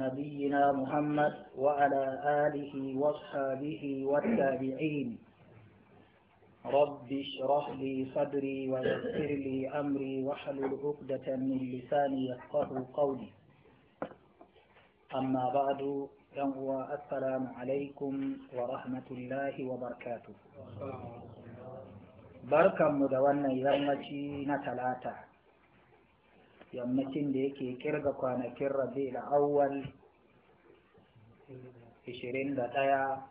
نبينا محمد وعلى آله وصحبه والتابعين رب اشرح لي صدري ويسر لي أمري واحلل عقدة من لساني يفقه قولي أما بعد فهو السلام عليكم ورحمة الله وبركاته بركة مدونة يومتي نتلاته yammacin da yake kirga kwanakin rabi'ul awwal 21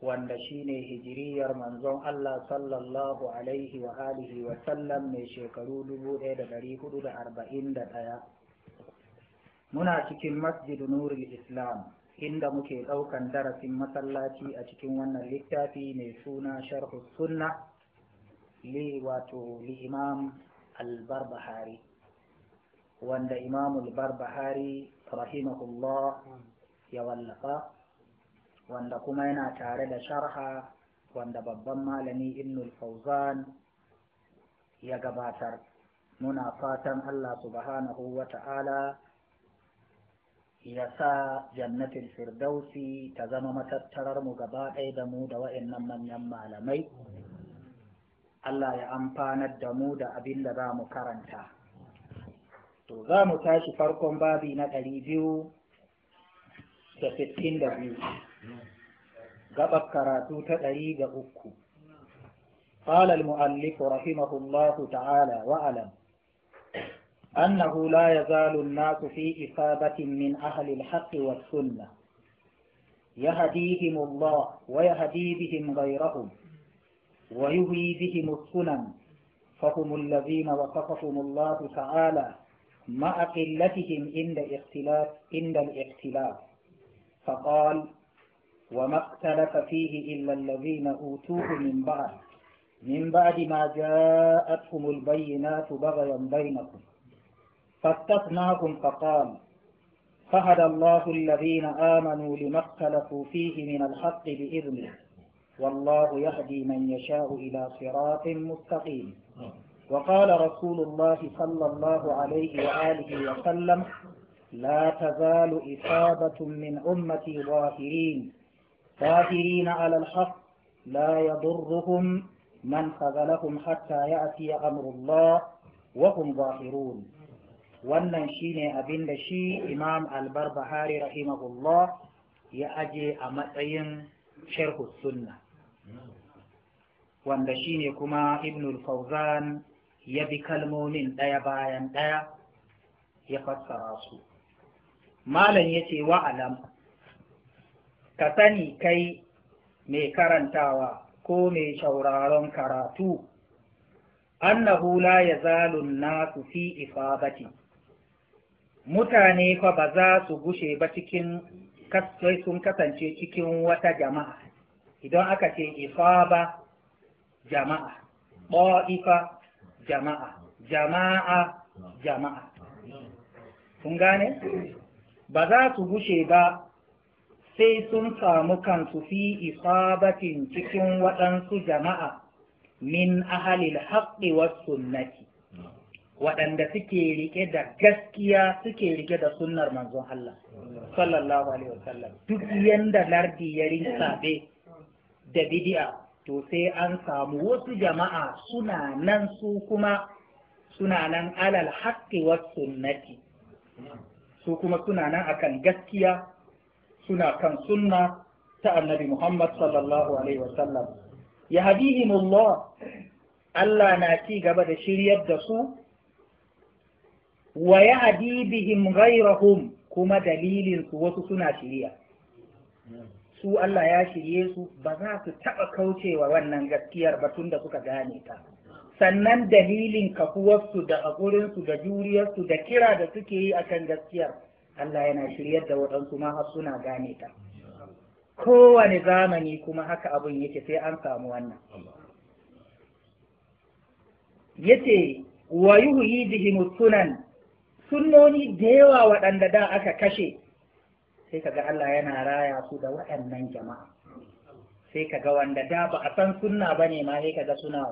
wanda shine hijiriyar manzon Allah sallallahu alaihi wa alihi wa sallam mai shekaru 1441 muna cikin masjid Nuri islam inda muke ɗaukan darasin masallaci a cikin wannan littafi mai suna sharhu sunna li wato li imam al wanda imamu al rahimahullah ya wallafa wanda kuma yana tare da sharha wanda babban malami ibnul fauzan ya gabatar muna fatan allah subhanahu wa ta'ala ya sa jannatin firdausi ta zama matattarar mu gaba ɗaya da mu da wa'annan manyan malamai Allah ya amfanar da mu da abin da za mu karanta. To za mu tashi farkon babi na ɗari biyu da sittin da biyu, gaɓar karatu ta ɗari da uku. قال المؤلف رحمه الله تعالى وألم أنه لا يزال الناس في إصابة من أهل الحق والسنة يهديهم الله ويهدي بهم غيرهم ويهوي بهم السنن فهم الذين وصفهم الله تعالى مع قلتهم عند اختلاف عند الاختلاف فقال وما اختلف فيه إلا الذين أوتوه من بعد من بعد ما جاءتهم البينات بغيا بينكم فاستثناهم فقال فهدى الله الذين آمنوا لما اختلفوا فيه من الحق بإذنه والله يهدي من يشاء إلى صراط مستقيم آه. وقال رسول الله صلى الله عليه وآله وسلم لا تزال إصابة من أمتي ظاهرين ظاهرين على الحق لا يضرهم من خذلهم حتى يأتي أمر الله وهم ظاهرون wannan shine abin da shi imam albarbahari rahimahullah ya aje a matsayin sharhu sunna wanda shi ne kuma ibnul fauzan ya bi kalmomin ɗaya bayan ɗaya ya fassara su malam ya ce wa'alam ka sani kai mai karantawa ko mai shauraron karatu annahu la ya zalun nasu fi ifabati mutane fa ba za su gushe ba cikin sun kasance cikin wata jama'a idan aka ce isaba jama'a ɗa'ifa jama'a jama'a jama'a kun gane ba za su gushe ba sai sun samu kansu fi isabatin cikin waɗansu jama'a min ahalil haƙƙi wa sunnati waɗanda suke rike da gaskiya suke rike da sunnar manzon Allah sallallahu alaihi wasallam duk yanda lardi ya rinsaɓe da bidi'a to sai an samu wasu jama'a suna nan su kuma suna nan alal haqqi was sunnati su kuma suna nan akan gaskiya suna kan sunna ta annabi Muhammad sallallahu alaihi wasallam Allah na ci gaba da shiryar da su wa ya'di bihim ghayrahum kuma dalilin su wasu suna shirya su Allah ya shirye su ba za su taɓa kaucewa wannan gaskiyar ba tun da suka gane ta sannan dalilin kafuwarsu da haƙurinsu da juriyarsu da kira da suke yi akan gaskiyar Allah yana shirye da waɗansu ma har suna gane ta kowane zamani kuma haka abin yake sai an samu wannan yace wa yuhyi sunan sunnoni da yawa waɗanda da aka kashe sai kaga Allah yana raya su da waɗannan jama'a sai kaga wanda da ba a san sunna ne ma sai kaga suna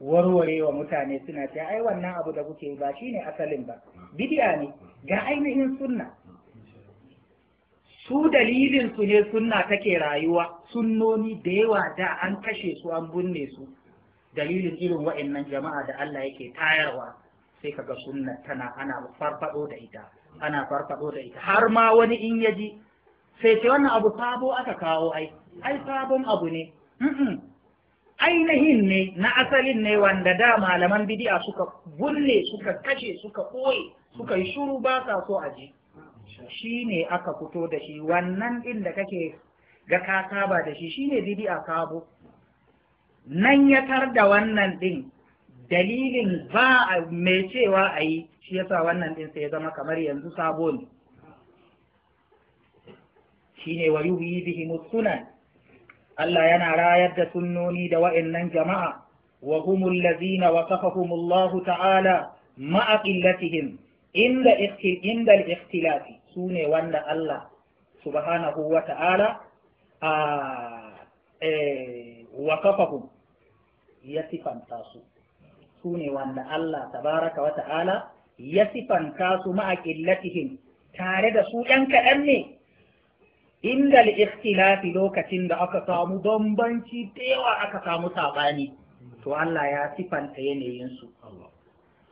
warware wa mutane suna ce ai wannan abu da kuke ba shi ne asalin ba bidiya ne ga ainihin sunna su dalilin su ne sunna take rayuwa sunnoni da yawa da an kashe su an binne su dalilin irin waɗannan jama'a da Allah yake tayarwa sai kaga sunna tana ana farfado da ita ana farfado da ita har ma wani in ya ji sai ce wannan abu sabo aka kawo ai ai sabon abu ne ainihin ne na asalin ne wanda da malaman bidi'a suka bulle suka kashe suka ɓoye suka yi shuru ba sa so a ji shi ne aka fito da shi wannan ɗin da kake ga ka saba da shi shine bidi'a sabo nan ya tar da wannan ɗin dalilin ba a mai cewa a yi shi yasa wannan ɗin ya zama kamar yanzu sabo ne shine wa yuhyi bihi sunan Allah yana rayar da sunnoni da wa'annan jama'a wa humul ladzina wasafahum Allah ta'ala ma'a qillatihim inda inda su ne sune wanda Allah subhanahu wa ta'ala a ah, eh wasafahum ya sifanta su su ne wanda Allah tabaraka wa ta'ala ya sifanta su ma'a tare da su ɗan kaɗan ne inda ikhtilafi lokacin da aka samu bambanci da yawa aka samu saɓani to Allah ya sifanta yanayin su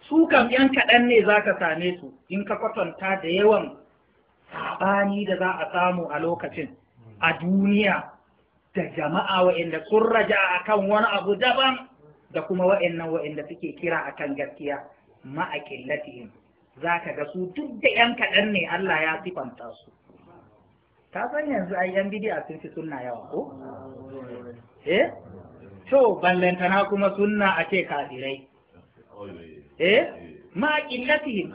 su kam yan kaɗan ne za ka same su in ka kwatanta da yawan saɓani da za a samu a lokacin a duniya da jama'a waɗanda sun raja a kan wani abu daban da kuma wa'annan wa'anda suke kira a kan gaskiya ma'akillatihim za ka ga su duk da yan kaɗan ne Allah ya sifanta su ka san yanzu ai yan bidi'a sun fi sunna yawa ko eh to ballantana kuma sunna a ce kafirai eh ma'akillatihim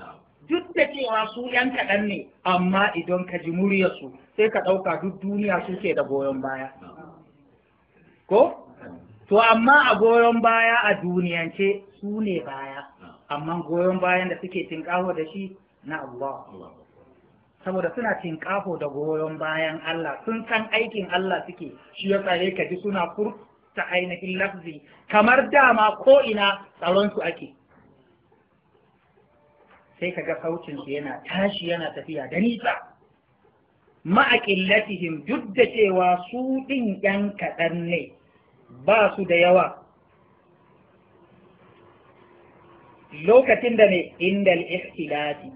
duk da cewa su yan kaɗan ne amma idan ka ji muryarsu sai ka ɗauka duk duniya suke da goyon baya ko to amma a goyon baya a duniyance su ne baya amma goyon bayan da suke tinkaho da shi na Allah saboda suna tinkaho da goyon bayan Allah sun san aikin Allah suke shi ya tsare ka ji suna furta ainihin lafzi kamar dama ko ina tsaron su ake sai ka ga yana tashi yana tafiya da nisa ma'aƙillatihim duk da cewa su ɗin ‘yan kaɗan ne ba su da yawa lokacin da ne indal ikhtilati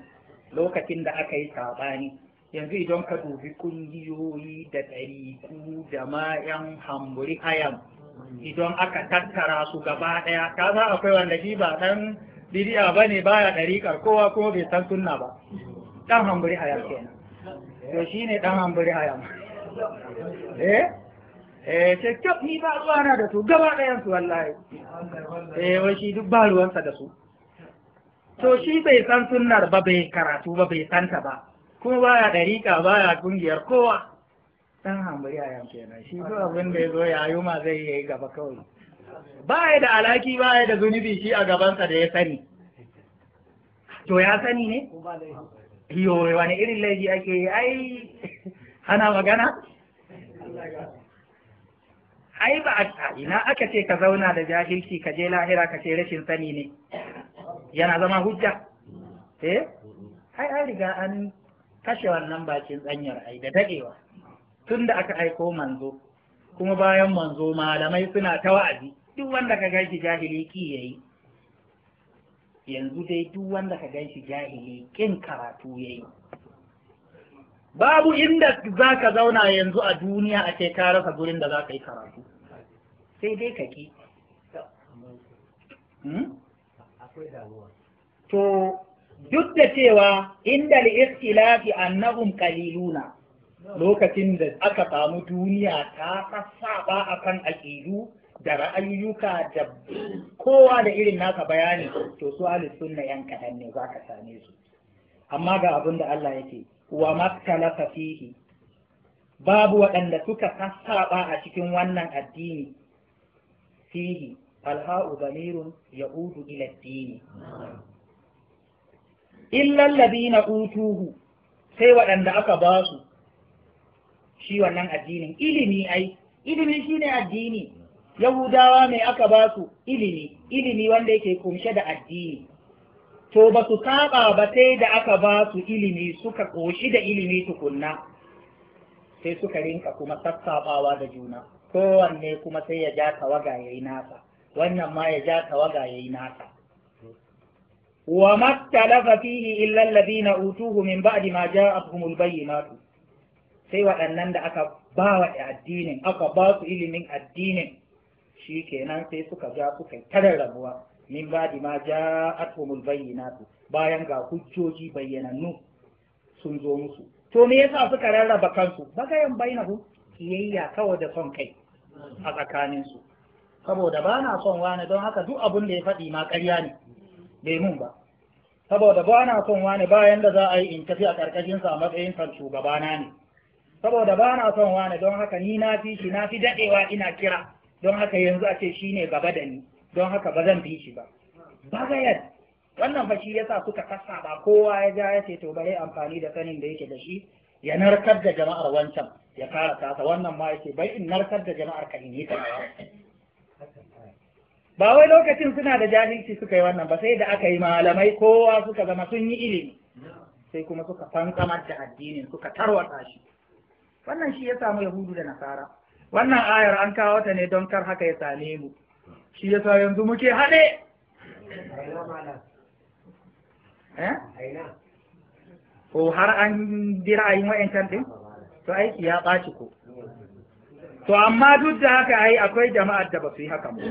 lokacin da aka yi saɓani yanzu idan ka dubi kungiyoyi da ɗariku da ma'yan hamburi hayam idan aka tattara su gaba ɗaya ka za akwai wanda shi ba ɗan bidiya ba ne ya ɗariƙar kowa kuma bai san sunna ba ɗan hamburi hayam kenan to shi ne ɗan hamburi hayam eh eh ce ni ba ruwa na da su gaba ɗayan su wallahi eh wai shi duk ba ruwansa da su to shi bai san sunnar ba bai karatu ba bai san ta ba kuma baya ɗariƙa baya kungiyar kowa dan hambari a kenan shi duk abin da ya zo ya yi ma zai yi gaba kawai baya da alaki baya da zunubi shi a gabansa da ya sani to ya sani ne yo wani irin laifi ake yi ai ana magana ai ba a ina aka ce ka zauna da jahilci ka je lahira ka ce rashin sani ne yana zama hujja eh ai an riga an kashe wannan bakin tsanyar ai da dadewa tun da aka aiko manzo kuma bayan manzo malamai suna ta wa'azi duk wanda ka ganshi jahili ki yayi yanzu dai duk wanda ka ganshi jahili kin karatu yayi babu inda za ka zauna yanzu a duniya a ce ka gurin da za ka yi karatu sai dai ka ki hmm? to duk da cewa inda al-ikhtilafi annahum qaliluna lokacin da aka samu duniya ta kasaba akan aqidu da ra'ayyuka da kowa da irin naka bayani to su ahlus sunna yan kadan ne zaka same su amma ga abin da Allah yake wa maktalafa fihi babu waɗanda suka sassaɓa a cikin wannan addini fihi alha'u zamirun ya'udu ila addini illal ladina utuhu sai waɗanda aka ba su shi wannan addinin ilimi ai ilimi shine addini yahudawa mai aka ba su ilimi ilimi wanda yake kumshe da addini to ba su saba ba sai da aka ba su ilimi suka koshi da ilimi tukunna sai suka rinka kuma sassabawa da juna kowanne kuma sai ya ja tawaga ya yi nasa wannan ma ya ja tawaga ya yi nasa wa mattalafa fihi illa alladhina utuhu min ba'di ma ja'atuhumul bayyinatu sai waɗannan da aka ba wa addinin aka ba su ilimin addinin kenan sai suka ja suka tarar rabuwa min ba'di ma bayyana bayyinatu bayan ga hujjoji bayyanannu sun zo musu to me yasa suka rarraba kansu bagayan bainahu kiyayya kawai da son kai a tsakanin su saboda ba na son wani don haka duk abin da ya faɗi ma ƙarya ne bai mun ba saboda ba na son wani bayan da za a yi in tafi a ƙarƙashin sa matsayin kan shugabana ne saboda ba na son wani don haka ni na fi shi na fi daɗewa ina kira don haka yanzu a ce shi gaba da ni don haka ba zan bi shi ba bagayar wannan fa shi yasa suka kasa ba kowa ya ja ya ce to yi amfani da sanin da yake da shi ya narkar da jama'ar wancan ya fara tasa wannan ma yake bai in narkar da jama'ar ka in yi ba wai lokacin suna da jahilci suka yi wannan ba sai da aka yi malamai kowa suka zama sun yi ilimi sai kuma suka fankamar da addinin suka tarwata shi wannan shi ya samu yahudu da nasara wannan ayar an kawo ta ne don kar haka ya same mu shi yasa yanzu muke haɗe ko eh? har an dira a yi wa'yancan ɗin to aiki ya ɓaci ko to amma duk da haka ai akwai jama'ar da ba su yi haka ba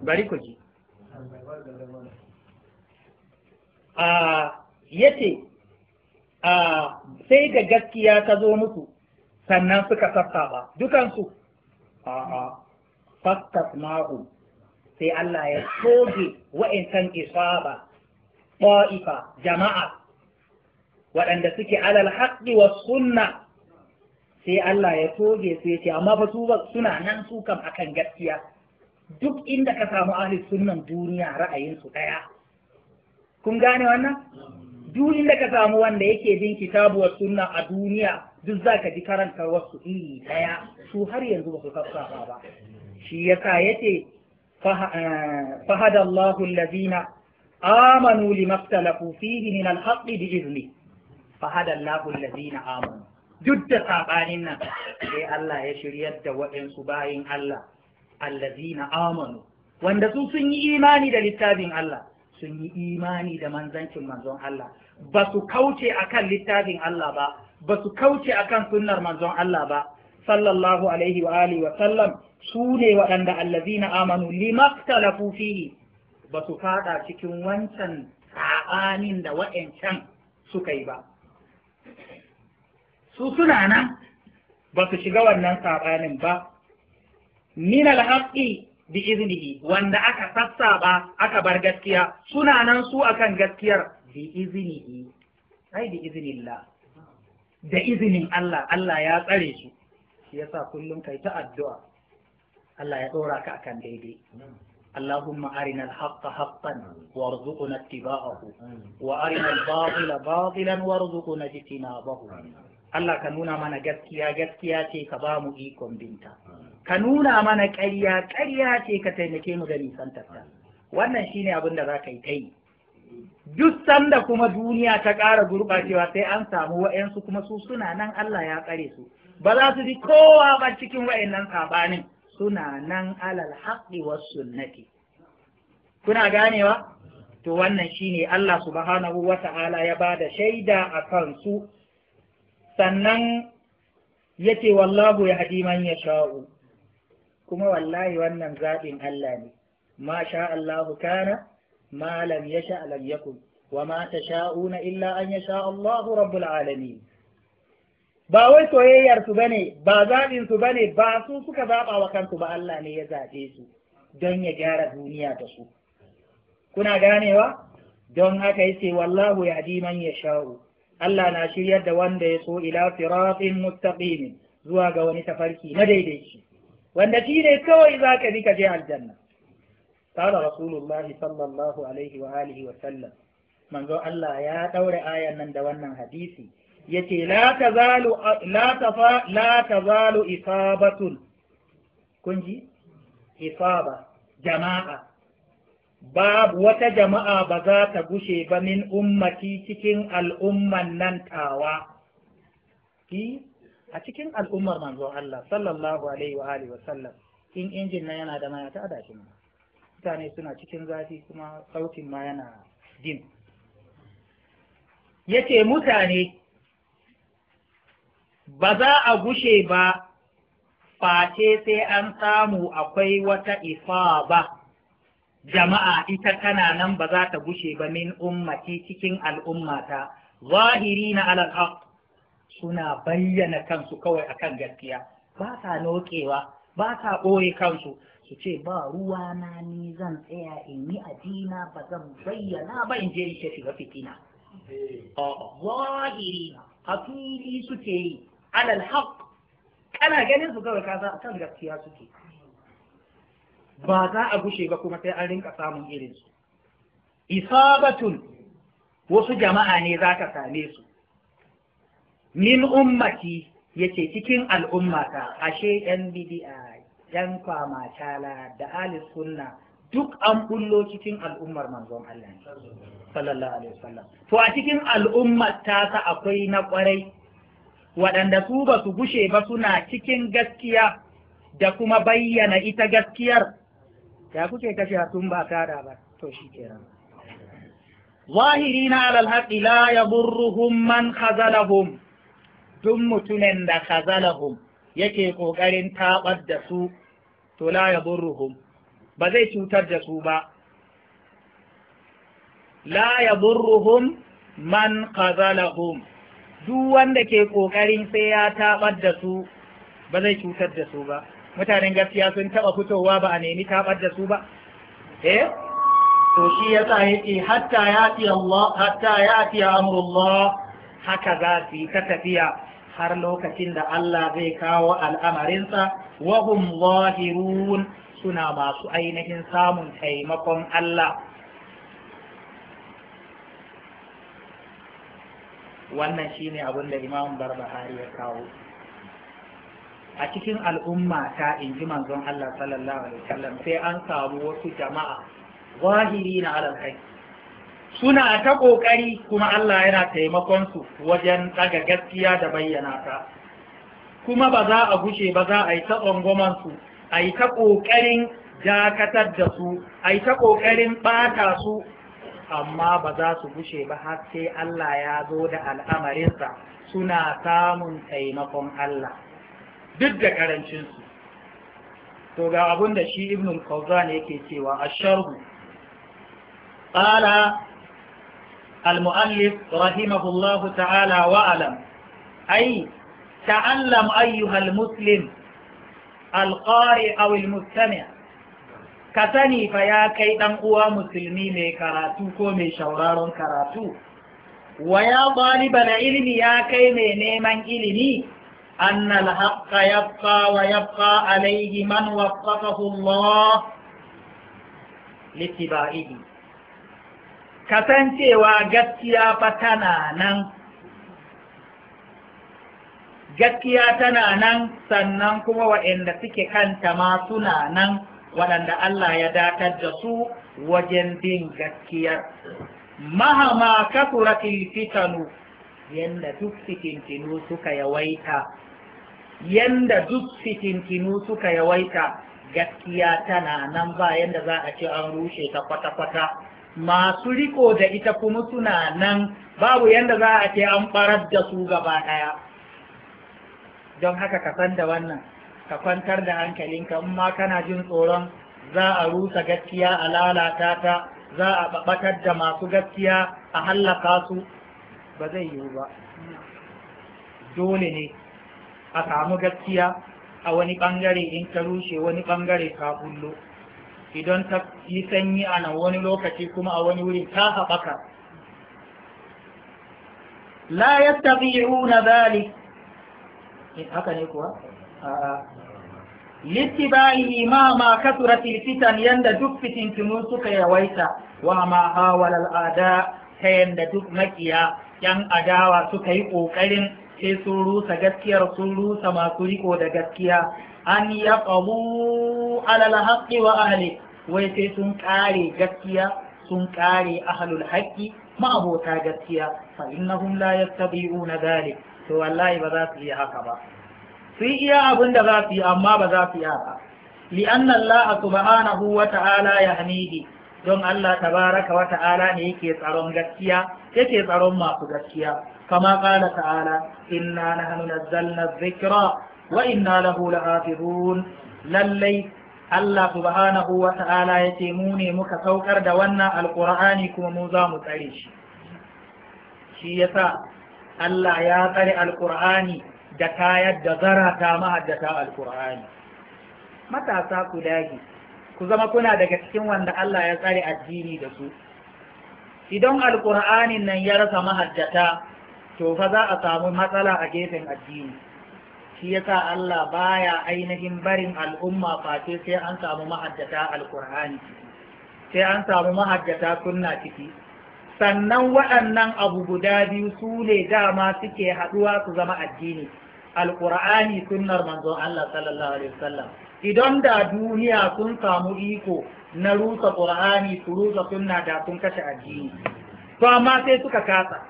bari ku ji a yace a sai da gaskiya ta zo musu sannan suka sassa ba dukansu a a fastas sai Allah ya toge wa'insan isaba ƙo’ifa, jama'a waɗanda suke alal haɗi wa sunna sai Allah ya soge su ya ce amma fa su suna nan su kam akan gaskiya duk inda ka samu ahli sunan duniya ra'ayinsu ɗaya kun gane wannan duk inda ka samu wanda yake bin kitabu wa sunna a duniya duk za ka ji karanta wasu iri ɗaya su har yanzu ba su ba shi ya yace فهدى الله الذين آمنوا لما اختلفوا فيه من الحق بإذنه فهدى الله الذين آمنوا duk da saɓanin nan sai Allah ya shiryar da waɗansu bayin Allah allazina amanu wanda su sun yi imani da littafin Allah sun yi imani da manzanci manzon Allah ba su kauce akan littafin Allah ba ba su kauce akan sunnar manzon Allah ba sallallahu alaihi wa wa sallam su ne waɗanda allazina amanu limaktalafu fihi ba su fada cikin wancan sabanin da wa'ancan suka yi ba su suna nan ba su shiga wannan saɓanin ba min alhaqi bi iznihi wanda aka sassaba aka bar gaskiya suna nan su akan gaskiyar bi iznihi ai bi iznillah da izinin Allah Allah ya tsare su shi yasa kullum kai ta addu'a Allah ya ɗora ka akan daidai اللهم أرنا الحق حقا وارزقنا اتباعه وأرنا الباطل باطلا وارزقنا اجتنابه Allah ka nuna mana gaskiya gaskiya ce ka bamu ikon binta ka nuna mana ƙarya ƙarya ce ka taimake mu da nisantar ta wannan shine abin da za ka yi ta yi duk sanda kuma duniya ta ƙara gurɓacewa sai an samu wa'yansu kuma su suna nan Allah ya tsare su ba za su ji kowa ba cikin wa'annan sabanin suna nan alal haqqi was sunnati kuna ganewa to wannan shine Allah subhanahu wata'ala ya bada shaida a kansu sannan yace wallahu yahdi man yasha'u kuma wallahi wannan zaɓin Allah ne ma sha Allahu kana ma lam yasha lam yakun wa ma tasha'una illa an yasha Allahu rabbul alamin ba wai soyayyar su bane ba zaɓin su bane ba su suka zaɓa wa kansu ba Allah ne ya zaɓe su don ya gyara duniya da su kuna ganewa don haka yace wallahu ji man yasha'u Allah na shiryar da wanda ya so ila siratin mustaqim zuwa ga wani tafarki na daidaici wanda shi ne kawai zaka bi ka je aljanna قال Rasulullah sallallahu alaihi wa alihi wa sallam, manzo Allah ya يا ayan nan da wannan hadisi, yace la tazalu la tafa la tazalu isabatun kun ji isaba jama'a babu wata jama'a ba za ta gushe ba min ummati cikin al'umman nan tawa ki a cikin al'ummar manzo Allah sallallahu alaihi wa alihi wa sallam in injin nan yana da maya ta ada shi mutane suna cikin zafi kuma sautin ma yana din yace mutane ba za a gushe ba face sai an samu akwai wata ifa ba jama'a ita tana nan ba za ta gushe ba min ummati cikin al'ummata zahiri na alal suna bayyana kansu kawai akan gaskiya ba sa nokewa ba sa ɓoye kansu su ce ba ruwa na ni zan tsaya in yi adina ba zan bayyana ba in je shi shiga fitina eh. zahiri a fili suke yi alal haq kana ganin su kawai ka kan gaskiya suke ba za a gushe ba kuma sai an rinka samun irin su isabatun wasu jama'a ne za ka same su min ummati yace cikin al'ummata ashe yan bid'a yan kwamatala da alis sunna duk an kullo cikin al'ummar manzon Allah sallallahu alaihi wasallam to a cikin al'ummar ta akwai na kwarai waɗanda su ba su gushe ba suna cikin gaskiya da kuma bayyana ita gaskiyar ya kuke kashe hatun ba kada ba to shi kenan zahiri na alal haqqi la yadurruhum man khazalahum duk mutumin da khazalahum yake kokarin tabar da su to la yadurruhum ba zai cutar da su ba la yadurruhum man khazalahum duk wanda ke ƙoƙarin sai ya taɓar da su ba zai cutar da su ba mutanen gaskiya sun taɓa fitowa ba a nemi taɓar da su ba eh to shi ya sa yake hatta ya fi Allah hatta ya fi amrullah haka za su ta tafiya har lokacin da Allah zai kawo al'amarinsa wahum zahirun suna masu ainihin samun taimakon Allah wannan shi ne abin da imam barbahari ya kawo a cikin al'umma ta in ji manzon Allah sallallahu alaihi wasallam sai an samu wasu jama'a zahiri na alal suna ta kokari kuma Allah yana taimakon su wajen daga gaskiya da bayyana ta kuma ba za a gushe ba za a yi ta tsangwaman su a yi ta kokarin dakatar da su a yi ta kokarin bata su amma ba za su gushe ba har sai Allah ya zo da al'amarinsa suna samun taimakon Allah duk da karancinsu to ga abin da shi ibn al yake cewa asharhu Ƙala, al-mu'allif rahimahullahu ta'ala wa alam ta'allam ayyuhal muslim al-qari Awil, al ka sani fa ya kai ɗan uwa musulmi mai karatu ko mai shauraron karatu wa ya ɗaliban ilimi ya kai mai neman ilimi أن yabqa يبقى ويبقى عليه من وفقه الله لاتباعه kasancewa gaskiya fa tana nan gaskiya tana nan sannan kuma waɗanda suke kanta ma suna nan waɗanda Allah ya datar da su wajen bin gaskiyar mahama kasuratil fitanu yanda duk fitintinu suka yawaita yanda duk fitintinu suka yawaita gaskiya tana nan ba yanda za a ce an rushe ta kwata-kwata masu riko da ita kuma suna nan babu yanda za a ce an barar da su gaba ɗaya don haka ka san da wannan ka kwantar da hankalinka in ma kana jin tsoron za a rusa gaskiya a lalata ta za a babatar da masu gaskiya a hallaka su ba zai yiwu ba dole ne a samu gaskiya a wani bangare in ta rushe wani bangare ka bullo idan ta yi sanyi a nan wani lokaci kuma a wani wurin ta haɓaka la yattabi'una dhalik eh, haka ne kuwa a'a littibahi ma ma kasurat fitan yanda duk fitintunu suka yawaita wa ma hawala al'ada ta yanda duk makiya yan adawa suka yi ƙoƙarin sai sun rusa gaskiyar sun rusa masu riko da gaskiya an ya ƙabu alal haƙƙi wa ahli wai sai sun ƙare gaskiya sun ƙare ahlul haƙƙi ma'abota gaskiya fa innahum la yastabi'una dhalik to wallahi ba za su yi haka ba su yi iya abin da za su yi amma ba za su yi ba li'an Allah subhanahu wa ta'ala ya hamidi don Allah tabaraka wa ta'ala ne yake tsaron gaskiya yake tsaron masu gaskiya kama qala ta'ala inna nahnu nazzalna dhikra wa inna lahu lahafizun lallai Allah subhanahu wa ta'ala yace mu ne muka saukar da wannan alqur'ani kuma mu za mu tsare shi shi yasa Allah ya tsare alqur'ani da kayar da zarata mahaddata alkur'ani matasa ku dage ku zama kuna daga cikin wanda Allah ya tsare addini da su idan alkur'anin nan ya rasa mahaddata to fa za a samu matsala a gefen addini shi yasa Allah baya ainihin barin al'umma face sai an samu mahaddata alkur'ani sai an samu mahaddata sunna ciki sannan waɗannan abu guda biyu su ne dama suke haɗuwa su zama addini alƙur'ani sunnar manzon Allah sallallahu alaihi wasallam idan da duniya sun samu iko na rusa ƙur'ani su rusa sunna da sun kashe addini to amma sai suka kasa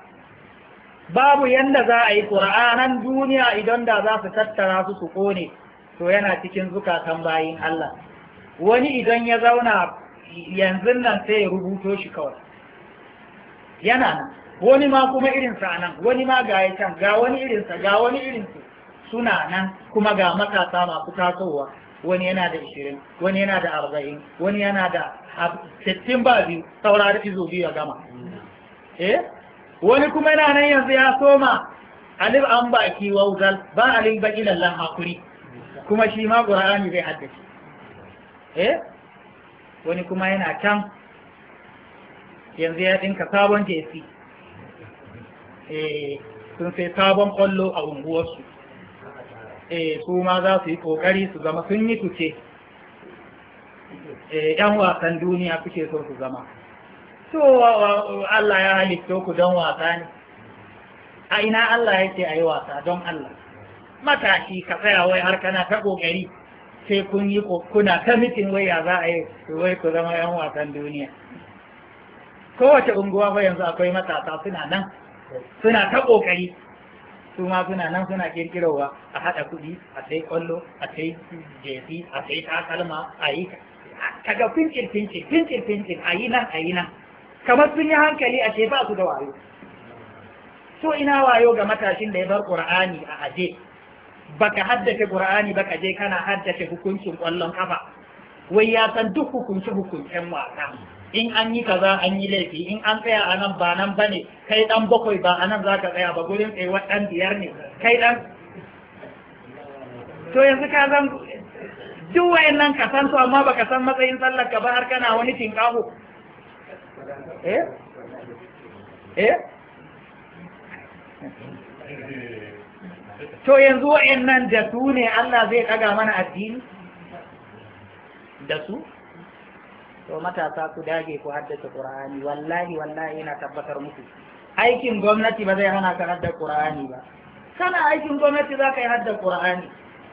babu yanda za a yi ƙur'anan duniya idan da za su tattara su su kone to yana cikin zukatan bayin Allah wani idan ya zauna yanzu nan sai ya rubuto shi kawai yana nan wani ma kuma irinsa a nan wani ma ga ya can ga wani irinsa ga wani irinsa suna nan kuma ga matasa masu tasowa wani yana da ishirin wani yana da arba'in wani yana da sittin ba biyu saura izo biyu ya gama eh wani kuma yana nan yanzu ya soma alif an baki wauzal ba alif baki lallan hakuri kuma shi ma qur'ani zai haddace eh wani kuma yana can yanzu ya dinka sabon jesi eh sun sai sabon kwallo a unguwarsu eh su ma za su yi kokari su zama sun yi fice E eh, yan wasan duniya kuke so su zama so Allah ya halitta ku don wasa ne a ina Allah yake yi wasa don Allah matashi ka tsaya wai har kana ta kokari sai kun yi kuna ta mitin wai ya za a yi wai ku zama yan wasan duniya kowace unguwa ba yanzu akwai matasa suna nan suna ta kokari su ma suna nan suna kirkirowa a haɗa kuɗi a sai kwallo a sai jefi a sai takalma a yi kaga fincin fincin fincin fincin a yi nan a yi nan kamar sun yi hankali a ce ba su da wayo so ina wayo ga matashin da ya bar qur'ani a aje baka haddace qur'ani baka je kana haddace hukuncin kwallon kafa wai ya san duk hukunce hukuncen wasa in an yi kaza an yi laifi in an tsaya a nan ba nan bane kai dan bakwai ba a nan za ka tsaya ba gurin tsayuwar dan biyar ne kai dan to yanzu ka zan duk nan ka san su amma baka san matsayin sallar ka ba har kana wani tinkaho eh eh to yanzu nan da su ne Allah zai daga mana addini da su to matasa ku dage ku haddace qur'ani wallahi wallahi ina tabbatar muku aikin gwamnati ba zai hana ka hadda qur'ani ba kana aikin gwamnati zaka yi hadda qur'ani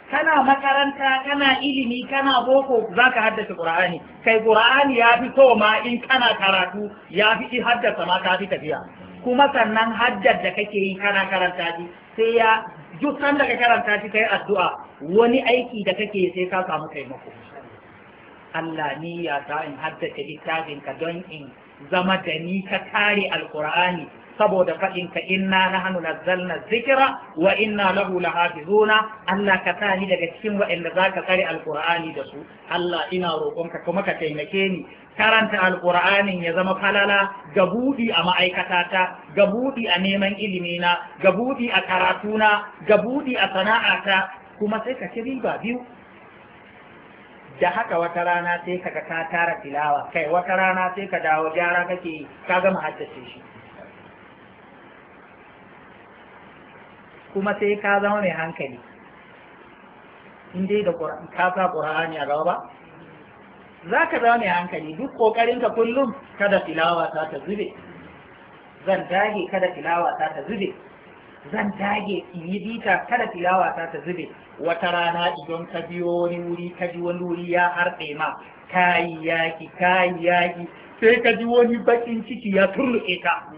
kana makaranta kana ilimi kana boko zaka haddace qur'ani kai qur'ani ya fi so ma in kana karatu ya fi haddasa ma ka fi tafiya kuma sannan haddar da kake yi kana karanta shi sai ya duk sanda ka karanta shi kai addu'a wani aiki da kake sai ka samu taimako Allah ni ya ta in haddace littafinka don in zama da ni ka kare alkur'ani saboda faɗinka inna nahnu nazzalna zikira wa inna lahu lahafizuna Allah ka sa ni daga cikin waɗanda za ka tsare alkur'ani da su Allah ina roƙonka kuma ka taimake ni karanta alkur'anin ya zama falala ga buɗi a ma'aikatata ga buɗi a neman ilimina ga buɗi a karatuna ga buɗi a sana'ata kuma sai ka ci riba biyu da haka wata rana sai ka ka tara tilawa kai wata rana sai ka dawo gyara kake ka gama haddace shi kuma sai ka zama mai hankali in dai da ka sa ƙur'ani a gaba ba za ka zama mai hankali duk ƙoƙarinka kullum kada tilawa ta ta zube zan dage kada tilawa ta ta zube zan dage in yi bita kada tilawa ta ta zube wata rana idan ka biyo wani wuri ka ji wani wuri ya harɗe ma kayi yaki kayi yaki sai ka ji wani bakin ciki ya turruke ka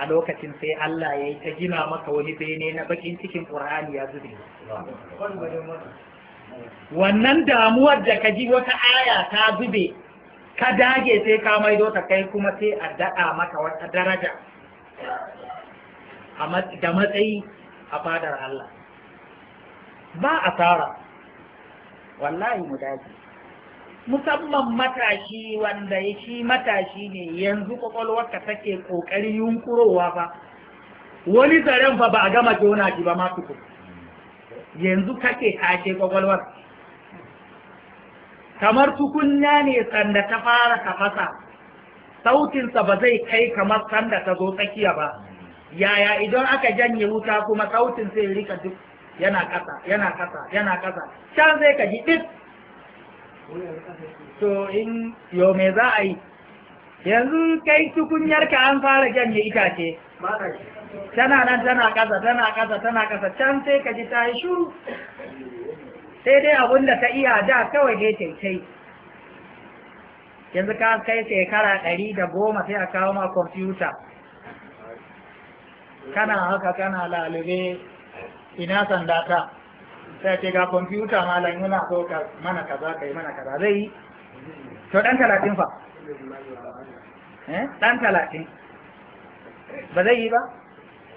a lokacin sai Allah ya yi ta gina maka wani bene na bakin cikin Qur'ani ya zube wannan damuwar da ka ji wata aya ta zube ka dage sai ka maido ta kai kuma sai a daɗa maka wata daraja da matsayi a fadar Allah ba asara wallahi mu dace musamman matashi wanda ya shi matashi ne yanzu kwakwalwarka take ƙoƙarin yunkurowa fa wani zaren fa ba a gama jona shi ba ma tuku yanzu kake tashe kwakwalwar kamar tukunya ne sanda ta fara fasa, sautinsa ba zai kai kamar sanda ta zo tsakiya ba yaya idan aka janye wuta kuma sautin sai rika duk yana kasa yana kasa yana kasa can sai ka ji duk to in yo me za a yi yanzu kai tukunyarka an fara janye itace tana nan tana kasa tana kasa tana kasa can sai ka ji ta yi shuru sai dai abun da ta iya da kawai dai taitai yanzu ka kai shekara ɗari da goma sai a kawo ma kwamfuta kana haka kana lalube ina sanda ta sai ce ga kwamfuta malam yana so ka mana kaza yi mana kaza zai yi to dan talatin fa dan eh, talatin ba zai yi ba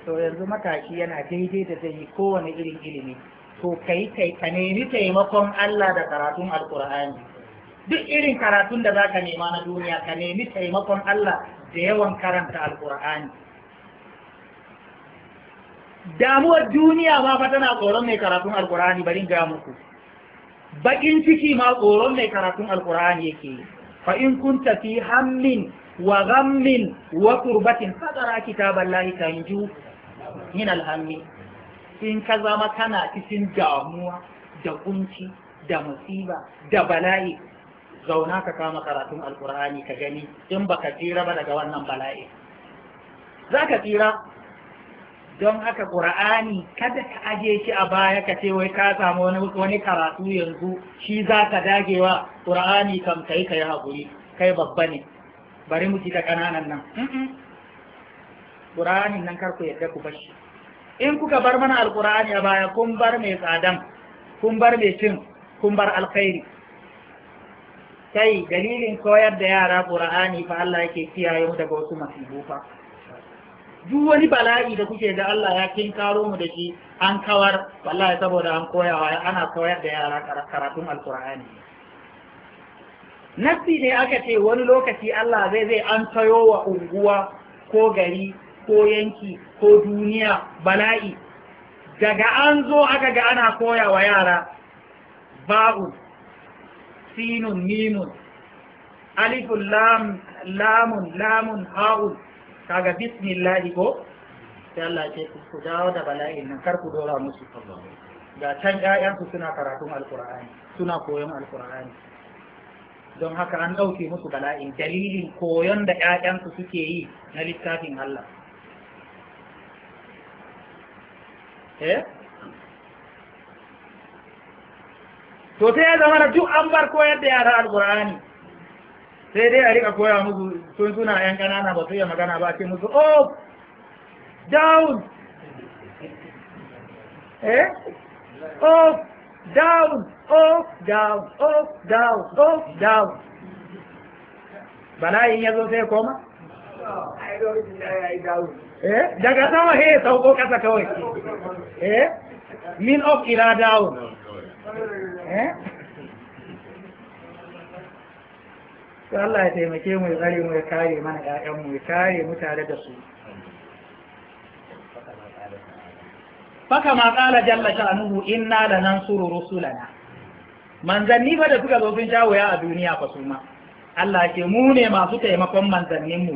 to yanzu mataki yana daidai da zai yi kowane irin ilimi to kai kai ka nemi taimakon Allah da karatun alkur'ani duk irin karatun da zaka nema na duniya ka nemi taimakon Allah da yawan karanta alkur'ani damuwar duniya ma fa tana tsoron mai karatun alkur'ani bari ga muku bakin ciki ma tsoron mai karatun alkur'ani yake fa in kunta fi hammin wa ghammin wa qurbatin fadara kitaballahi tanju min alhammi in ka zama kana cikin damuwa da kunci da musiba da bala'i zauna ka kama karatun alkur'ani ka gani in baka tsira ba daga wannan bala'i za ka tsira don haka ƙura'ani kada ka aje shi a baya ka ce wai ka samu wani karatu yanzu shi za ka dagewa ƙura'ani kam kai kai haƙuri kai babba ne bari mu ci ta ƙananan nan ƙura'anin nan kar ku yadda ku bashi in kuka bar mana alƙura'ani a baya kun bar mai tsadan kun bar mai cin kun bar alkhairi kai dalilin koyar da yara ƙura'ani fa Allah yake kiyaye mu daga wasu masifu fa duk wani bala'i da kuke da Allah ya kin karo mu da shi an kawar wallahi saboda an koyawa ana koyar da yara karatun alkur'ani nassi ne aka ce wani lokaci Allah zai zai an tayo wa unguwa ko gari ko yanki ko duniya bala'i daga an zo aka ga ana koya wa yara ba'u sinun mimun alifun lamun lamun ha'un kaga bismillahi ko sai Allah ce ku dawo da bala'in nan kar ku dora musu ga can ƴaƴansu suna karatun alqur'ani suna koyon alqur'ani don haka an ɗauke musu bala'in dalilin koyon da ƴaƴansu suke yi na littafin Allah eh to ya zama duk an bar koyar da yara alqur'ani sai dai a riƙa koya musu sun suna yan ƙanana ba su iya magana ba ce musu oh down eh oh down oh down oh down oh down bala yin yazo sai koma eh daga sama he sauko kasa kawai eh min of ila down eh sai Allah ya taimake mu ya tsare mu ya kare mana ƴaƴan mu ya kare mu tare da su faka ma qala jalla sha'nuhu inna lanansuru rusulana manzanni fa da suka zo sun sha wuya a duniya fa su ma Allah ke mu ne masu taimakon manzannin mu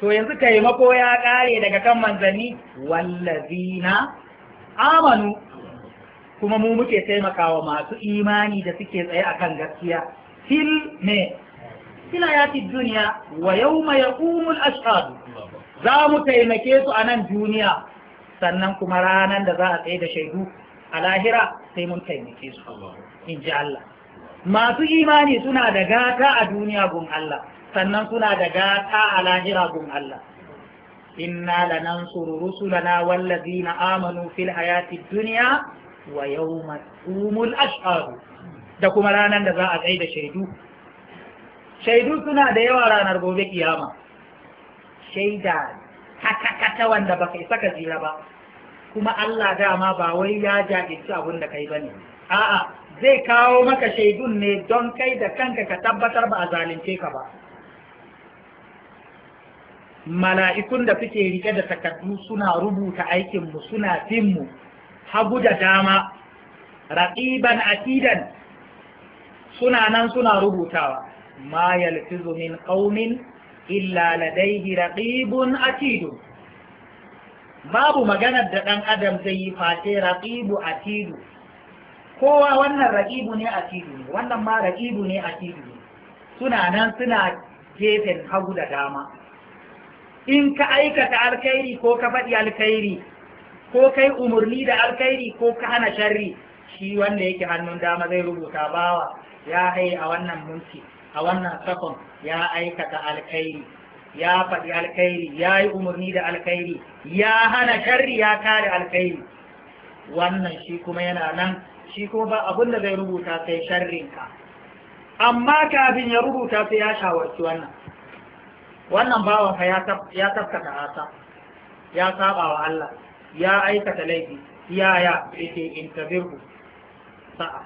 to yanzu taimako ya kare daga kan manzanni wallazina amanu kuma mu muke taimakawa masu imani da suke tsaye akan gaskiya fil me fil hayati dunya wa yawma yaqumu al ashhad za mu taimake su a nan duniya sannan kuma ranar da za a tsaye da shaidu a lahira sai mun taimake su in ji Allah masu imani suna da gata a duniya gun Allah sannan suna da gata a lahira gun Allah inna lanansuru rusulana wallazina amanu fil hayati dunya wa yawma yaqumul ashhad da kuma ranar da za a tsaye da shaidu shaidu suna da yawa ranar gobe kiyama shaida haka kata wanda baka isa ka jira ba kuma Allah dama ba wai ya jajirci abin da kai ne. a'a zai kawo maka shaidun ne don kai da kanka ka tabbatar ba a zalunce ka ba mala'ikun da suke rike da takardu suna rubuta aikinmu suna finmu hagu da dama raƙiban akidan suna nan suna rubutawa ma yalfizu min qaumin illa ladayhi raqibun atid babu maganar da ɗan adam zai yi face raqibu atid kowa wannan raqibu ne atid wannan ma raqibu ne atid ne suna nan suna jefen hagu da dama in ka aikata alkhairi ko ka faɗi alkhairi ko kai umarni da alkhairi ko ka hana sharri shi wanda yake hannun dama zai rubuta bawa ya hai a wannan mulki a wannan sakon ya aikata alkhairi ya faɗi alkhairi ya yi umarni da alkhairi ya hana sharri ya kare alkhairi wannan shi kuma yana nan shi kuma ba abin da zai rubuta sai sharrinka amma kafin ya rubuta sai ya shawarci wannan wannan bawan fa ya tafkata asa ya saba wa Allah ya aikata laifi ya ya yake intabirku sa'a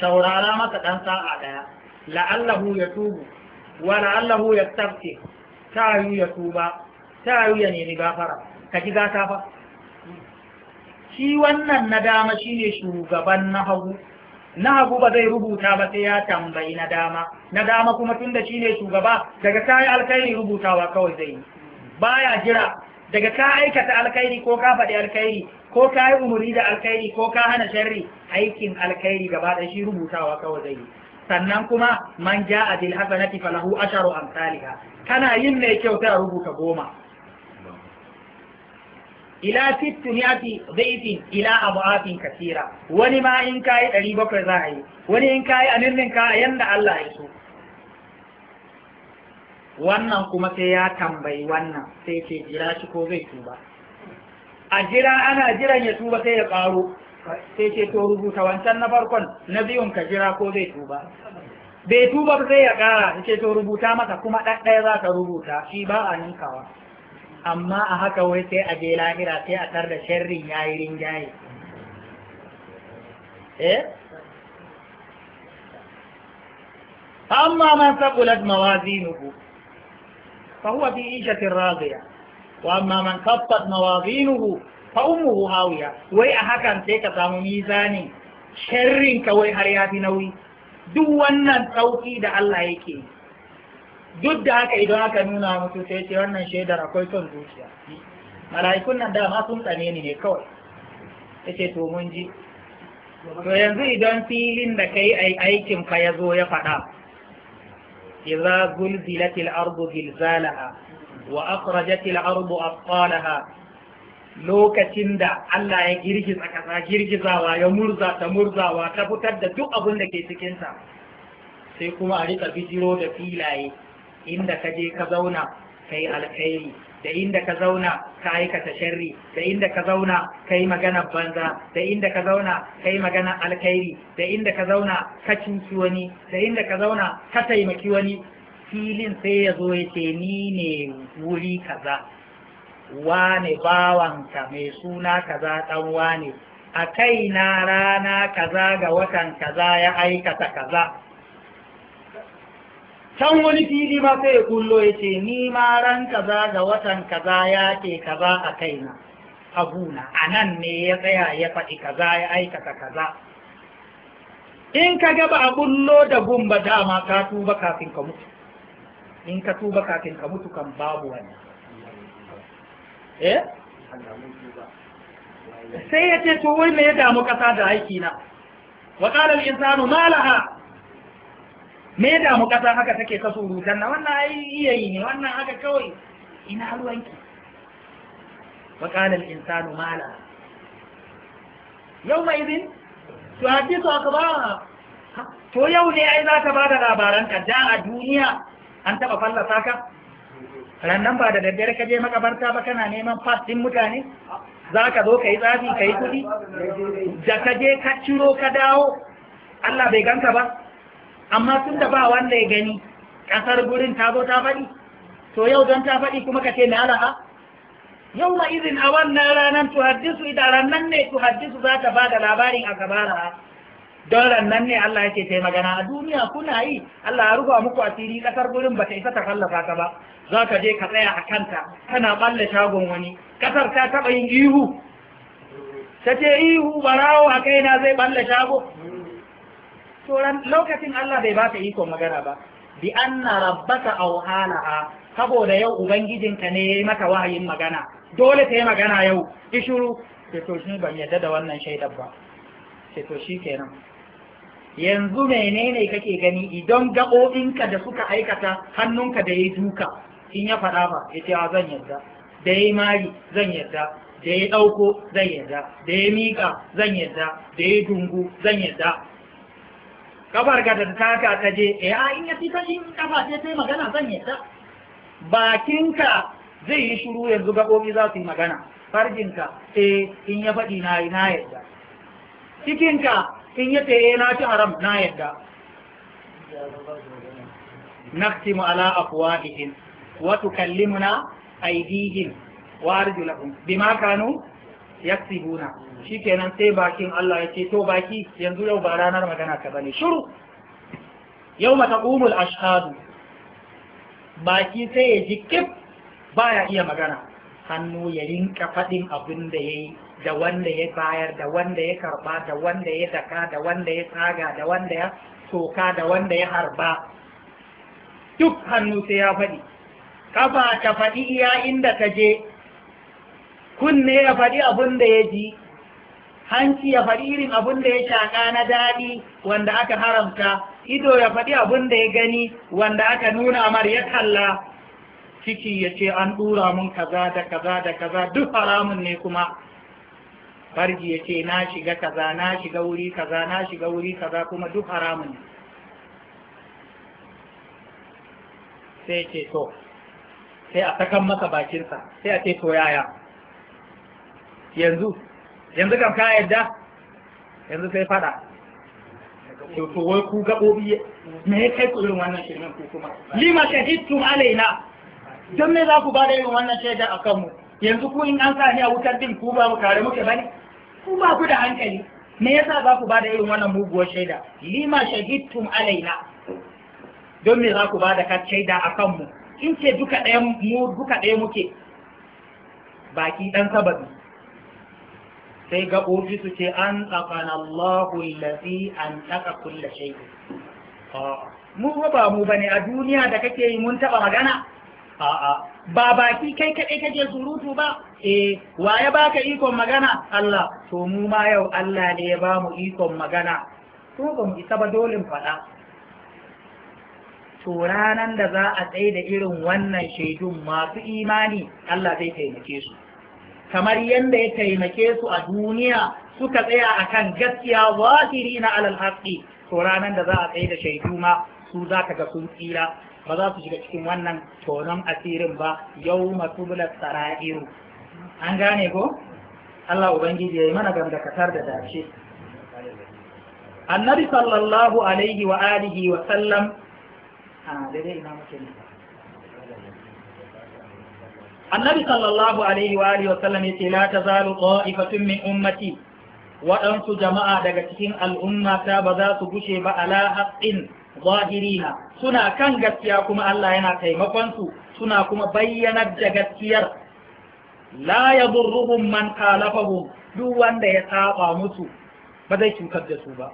shaurara masa dan sa'a daya la'allahu ya tubu wa la'allahu ya tafke ta yi ya tuba ta yi ya nemi gafara ka ji gata fa shi wannan na dama shine shugaban na hagu na hagu ba zai rubuta ba sai ya tambayi na dama na dama kuma tunda shine shugaba daga ta yi alkhairi rubutawa kawai zai yi baya jira daga ka aikata alkhairi ko ka faɗi alkhairi ko ka yi umuri da alkhairi ko ka hana sharri aikin alkhairi gaba ɗaya shi rubutawa kawai zai yi sannan kuma man ja a bil hasanati falahu asharu amsalha kana yin mai kyau sai a rubuta goma ila fi zaifin ila abu'afin kasira wani ma in ɗari bakwai za a yi wani in yi a ka yanda Allah ya so wannan kuma sai ya tambayi wannan sai ce jira shi ko zai tuba a jira ana jiran ya tuba sai ya ƙaro sai ce to rubuta wancan na farkon na biyun ka jira ko zai tuba bai tuba ba zai ya kara ce to rubuta masa kuma ɗaɗɗaya za ka rubuta shi ba a ninkawa amma a haka wai sai a je lahira sai a tar da sharrin yayi rinjaye eh amma man saqulat mawazinuhu fa huwa fi ishatin radiya wa amma man khaffat mawazinuhu fa ummuhu hawiya wai a hakan sai ka samu mizanin sharrin ka wai har ya fi nauyi duk wannan sauki da Allah yake duk da haka idan aka nuna mutu sai ce wannan shaidar akwai son zuciya mala'ikun nan dama sun tsane ni ne kawai yace to mun ji to yanzu idan filin da kai ai aikin fa ya zo ya faɗa idza gulzilatil ardu zilzalaha wa akhrajatil ardu athqalaha lokacin da Allah ya girgiza kasa girgizawa ya murza ta murzawa ta fitar da duk abin da ke cikinsa sai kuma a rika bijiro da filaye inda ka je ka zauna kai alkhairi da inda ka zauna ka aikata sharri da inda ka zauna ka magana banza da inda ka zauna ka magana alkhairi da inda ka zauna ka cinci wani da inda ka zauna ka taimaki wani filin sai ya zo ya ce ni ne wuri kaza wane bawanka mai suna kaza ɗan wane a kaina rana kaza ga watan kaza ya aikata kaza can wani fili ma sai kullo ya ce ni ma ran kaza ga watan kaza ya ke kaza a kaina abuna a nan ne ya tsaya ya faɗi kaza ya aikata kaza in ka gaba a kullo da gumba dama ka tuba kafin ka mutu in ka tuba kafin ka mutu kan babu wannan Eh? sai ya ce to wai me ya damu kasa da aiki na wa qala insanu ma laha me ya damu kasa haka take kasu rutan na wannan ai iyayi ne wannan haka kawai ina ruwanki wa qala malaha. Yau ma laha To idin to hadisu akbara to yau ne ai za ta bada labaran ka da a duniya an taba fallasa ka rannan ba da daddare ka je makabarta ba kana neman fas mutane za ka zo ka yi tsafi ka yi kuɗi da ka je ka ciro ka dawo Allah bai ganka ba amma tun da ba wanda ya gani ƙasar gurin ta zo ta faɗi to yau don ta faɗi kuma ka ce na alaha yau ma izin a wannan ranar tuhaddisu idan nan ne tuhaddisu za ta ba da labarin a gabara don rannan ne Allah yake ta magana a duniya kuna yi Allah ya rufa muku asiri kasar gurin ba ta isa ta fallasa ka ba za ka je ka tsaya a kanta kana balle shagon wani kasar ta taba yin ihu ta ce ihu barawo a kaina zai balle shago to lokacin Allah bai ba ta iko magana ba bi anna rabbaka aw halaha saboda yau ubangijinka ne maka wahayin magana dole ta yi magana yau ishuru ce to shi ban yadda da wannan shaidar ba ce to shi kenan yanzu menene kake gani idan gaɓoɓinka da suka aikata hannunka da ya duka in ya faɗa ba ya ce zan yarda da ya mari zan yarda da ya ɗauko zan yarda da ya miƙa zan yarda da ya dungu zan yarda kafar ka da ta ka ta je eh a in ya fita in kafa ce sai magana zan yarda bakinka zai yi shiru yanzu gaɓoɓi za su yi magana farjinka eh in ya faɗi na yarda cikinka in ya ce eh, na ci haram na yadda naktimu ala afwahihim wa tukallimuna aydihim wa arjulahum bima kanu yaksibuna shikenan sai bakin Allah ya ce to baki yanzu yau ba ranar magana ka bane shiru yau mata umul ashadu. baki sai ya ji kif baya iya magana hannu ya rinka faɗin abin da ya yi da wanda ya bayar da wanda ya karba da wanda ya daka da wanda ya tsaga da wanda ya soka da wanda ya harba duk hannu sai ya faɗi kafa ta faɗi iya inda ta je kunne ya faɗi abin da ya ji hanci ya faɗi irin abin da ya shaƙa na daɗi wanda aka haramta ido ya faɗi abin da ya gani wanda aka nuna amar ya kalla ciki ya ce an ɗura mun kaza da kaza da kaza duk haramun ne kuma farji ya ce na shiga kaza na shiga wuri kaza na shiga wuri kaza kuma duk haramun ne sai ce to sai a sakan masa bakinsa sai a ce to yaya yanzu yanzu kan ka yadda yanzu sai fada to to wai ku gaɓoɓi me ya kai ku irin wannan shirmen ku kuma lima shahidtum alaina don me za ku ba da irin wannan shaidar a kanmu yanzu ku in an sa ni a wutar din ku ba mu tare muke bane ku ba ku da hankali me yasa za ku ba da irin wannan muguwar shaida lima shahidtum alaina don me za ku ba da shaida a kanmu in ce duka ɗaya mu duka ɗaya muke baki ɗan sababi sai ga su ce an tsakana Allahu lafi an taka kulle shaidu. Ah, mu ba mu bane a duniya da kake yi mun taɓa magana a'a ba baki kai kaɗai kake surutu ba eh wa ya baka ikon magana Allah to mu ma yau Allah ne ya bamu ikon magana to ba mu isa ba dolin faɗa to ranan da za a tsaye da irin wannan shaidun masu imani Allah zai taimake su kamar yadda ya taimake su a duniya suka tsaya akan gaskiya wakiri, na alal to ranan da za a tsaye da shaidu ma su za ka ga sun tsira ba za su shiga cikin wannan tonon asirin ba yau matubula sara'iru an gane ko Allah ubangiji ya yi mana gamdakatar da dace annabi sallallahu alaihi wa alihi wa sallam a daidai ina muke ne annabi sallallahu alaihi wa alihi wa sallam yace la tazalu qa'ifatun min ummati waɗansu jama'a daga cikin al'umma ta ba za su gushe ba ala haqqin zahiriha suna kan gaskiya kuma Allah yana taimakon su suna kuma bayyanar da gaskiyar la ya yadurruhum man khalafahum duk wanda ya saba musu ba zai cutar da su ba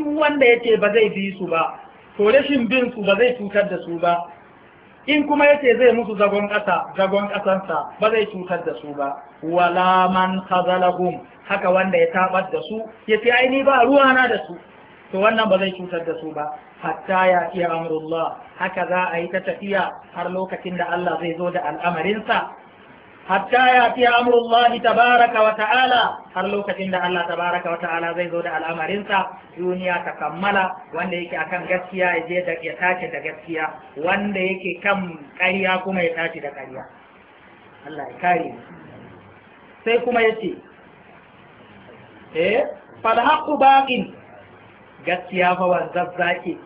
duk wanda yace ba zai bi su ba to rashin bin su ba zai cutar da su ba in kuma yace zai musu zagon ƙasa zagon ƙasansa ba zai cutar da su ba wala man khazalahum haka wanda ya tabar da su yace ai ni ba ruwana da su to wannan ba zai cutar da su ba hatta ya iya amrullah haka za a yi ta tafiya har lokacin da Allah zai zo da al'amarinsa hatta ya iya amrullah tabaraka wa ta'ala har lokacin da Allah tabaraka wa ta'ala zai zo da al'amarinsa duniya ta kammala wanda yake akan gaskiya ya je da ya tace da gaskiya wanda yake kan ƙarya kuma ya tace da ƙarya Allah ya kare sai kuma yace eh da haqqu baqin gaskiya fa wanzazzaki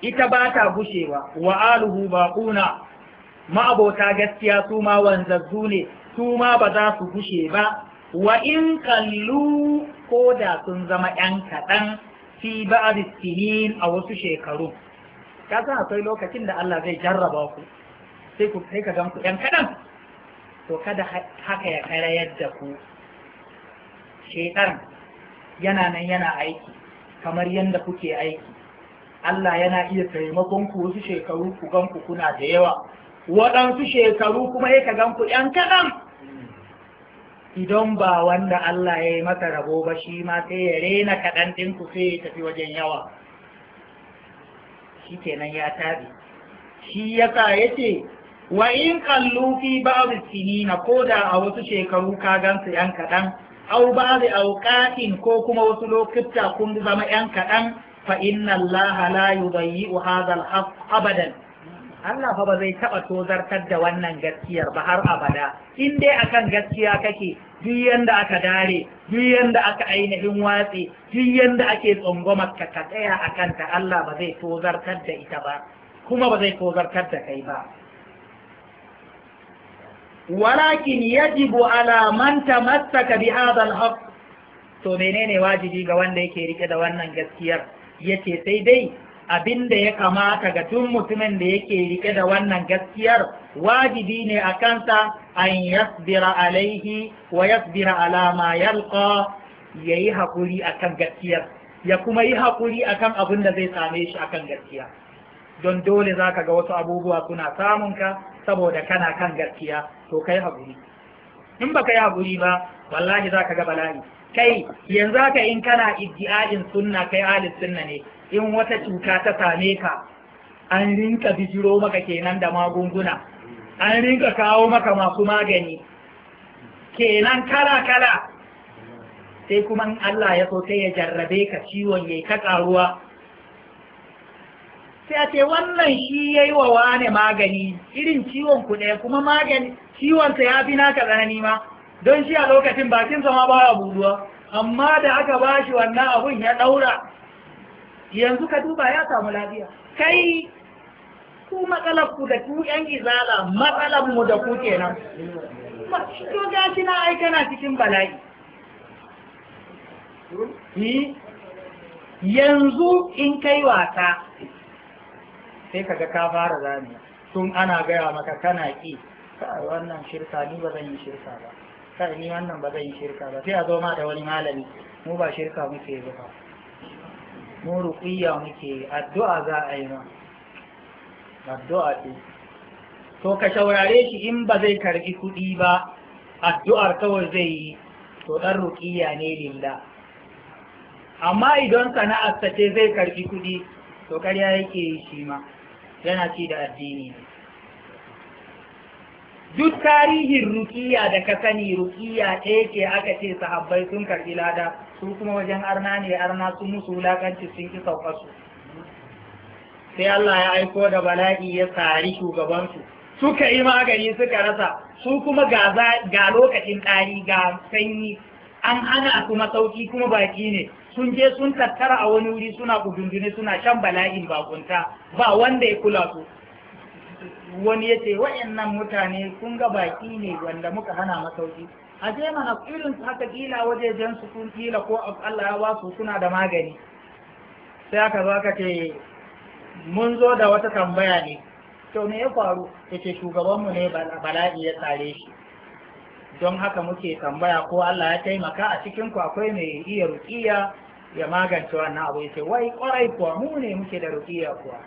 ita ba ta gushewa wa aluhu baquna ma'abota gaskiya su ma wanzazzu ne su ma ba za su gushe ba wa in kallu ko da sun zama ‘yan kaɗan fi a sinin a wasu shekaru ka san akwai lokacin da Allah zai jarraba ku sai ku sai ka gan ku ‘yan kaɗan to kada haka ya karayar yadda ku shekar yana nan yana aiki kamar yadda kuke aiki Allah yana iya taimakon ku wasu shekaru ku gan ku kuna da yawa waɗansu shekaru kuma ya gan ku ‘yan kaɗan idan ba wanda Allah ya yi maka rabo ba shi ma sai ya rena kaɗan ɗin ku sai ya tafi wajen yawa shi kenan ya tabi shi ya sa ya ce wa in kallu fi ba'd sinina ko da a wasu shekaru ka gansu su ‘yan kaɗan au ba da auƙatin ko kuma wasu lokuta kun zama ‘yan kaɗan fa inna Allah la yudayyi'u hadha al abadan Allah fa ba zai taɓa tozartar da wannan gaskiyar ba har abada in dai akan gaskiya kake duk yanda aka dare duk yanda aka ainihin watse duk yanda ake tsangwamar ka ka tsaya akan ta Allah ba zai tozartar da ita ba kuma ba zai tozartar da kai ba walakin yajibu على من تمسك bi الحق to menene wajibi ga wanda yake rike da wannan gaskiyar yace sai dai abinda ya kamata ga tun mutumin da yake rike da wannan gaskiyar wajibi ne a kansa an yasbira alaihi wa yasbira ala ma yalqa yayi hakuri akan gaskiyar ya kuma yi hakuri akan abin da zai same shi akan gaskiya don dole zaka ga wasu abubuwa suna samun ka saboda kana kan gaskiya to kai haƙuri in baka yi haƙuri ba wallahi za ka ga bala'i kai yanzu haka in kana iddi'a'in sunna kai alis sunna ne in wata cuta ta same ka an rinka bijiro maka kenan da magunguna an rinka kawo maka masu magani kenan kala kala sai kuma Allah ya so sai ya jarrabe ka ciwon yayi ka karuwa sai a ce wannan shi ya yi wa wane magani irin ciwon ku ɗaya kuma magani ciwonsa ya fi naka tsanani ma don shi a lokacin zama ma baya buduwa amma da aka ba shi wannan abun ya ɗaura yanzu ka duba ya samu lafiya kai ku matsalar ku da ku yan izala matsalar mu da ku kenan to shi na ai kana cikin bala'i yanzu in kai wasa sai kaga ka fara zane tun ana gaya maka kana ki wannan shirka ni ba zan yi shirka ba kai ni wannan ba zan yi shirka ba sai a zo ma da wani malami mu ba shirka muke ba mu ruqiyya muke addu'a za a yi ma addu'a ce to ka shaurare shi in ba zai karbi kuɗi ba addu'ar kawai zai yi to dan ruƙiya ne lilla amma idan sana'arsa ce zai karbi kuɗi to ƙarya yake yi shi ma yana ci da addini duk tarihin rukiya da ka sani rukiya ɗaya yake aka ce sahabbai sun karɓi lada su kuma wajen arna ne arna sun musu wulakanci sun ki su. sai Allah ya aiko da bala'i ya tsari shugabansu suka yi magani suka rasa su kuma ga lokacin ɗari ga sanyi an hana su masauki kuma baki ne sun je sun tattara a wani wuri suna kudundune suna shan bala'in bakunta ba wanda ya kula su wani ya ce wa'annan mutane kun ga baki ne wanda muka hana masauki a je mana irin su haka kila wajejen su sun kila ko Allah ya ba suna da magani sai aka zo aka ce mun zo da wata tambaya ne to me ya faru ce shugabanmu ne bala'i ya tsare shi don haka muke tambaya ko Allah ya taimaka a cikin ku akwai mai iya ruqiya ya magance wannan abu yace wai kwarai kuwa mu ne muke da ruqiya kuwa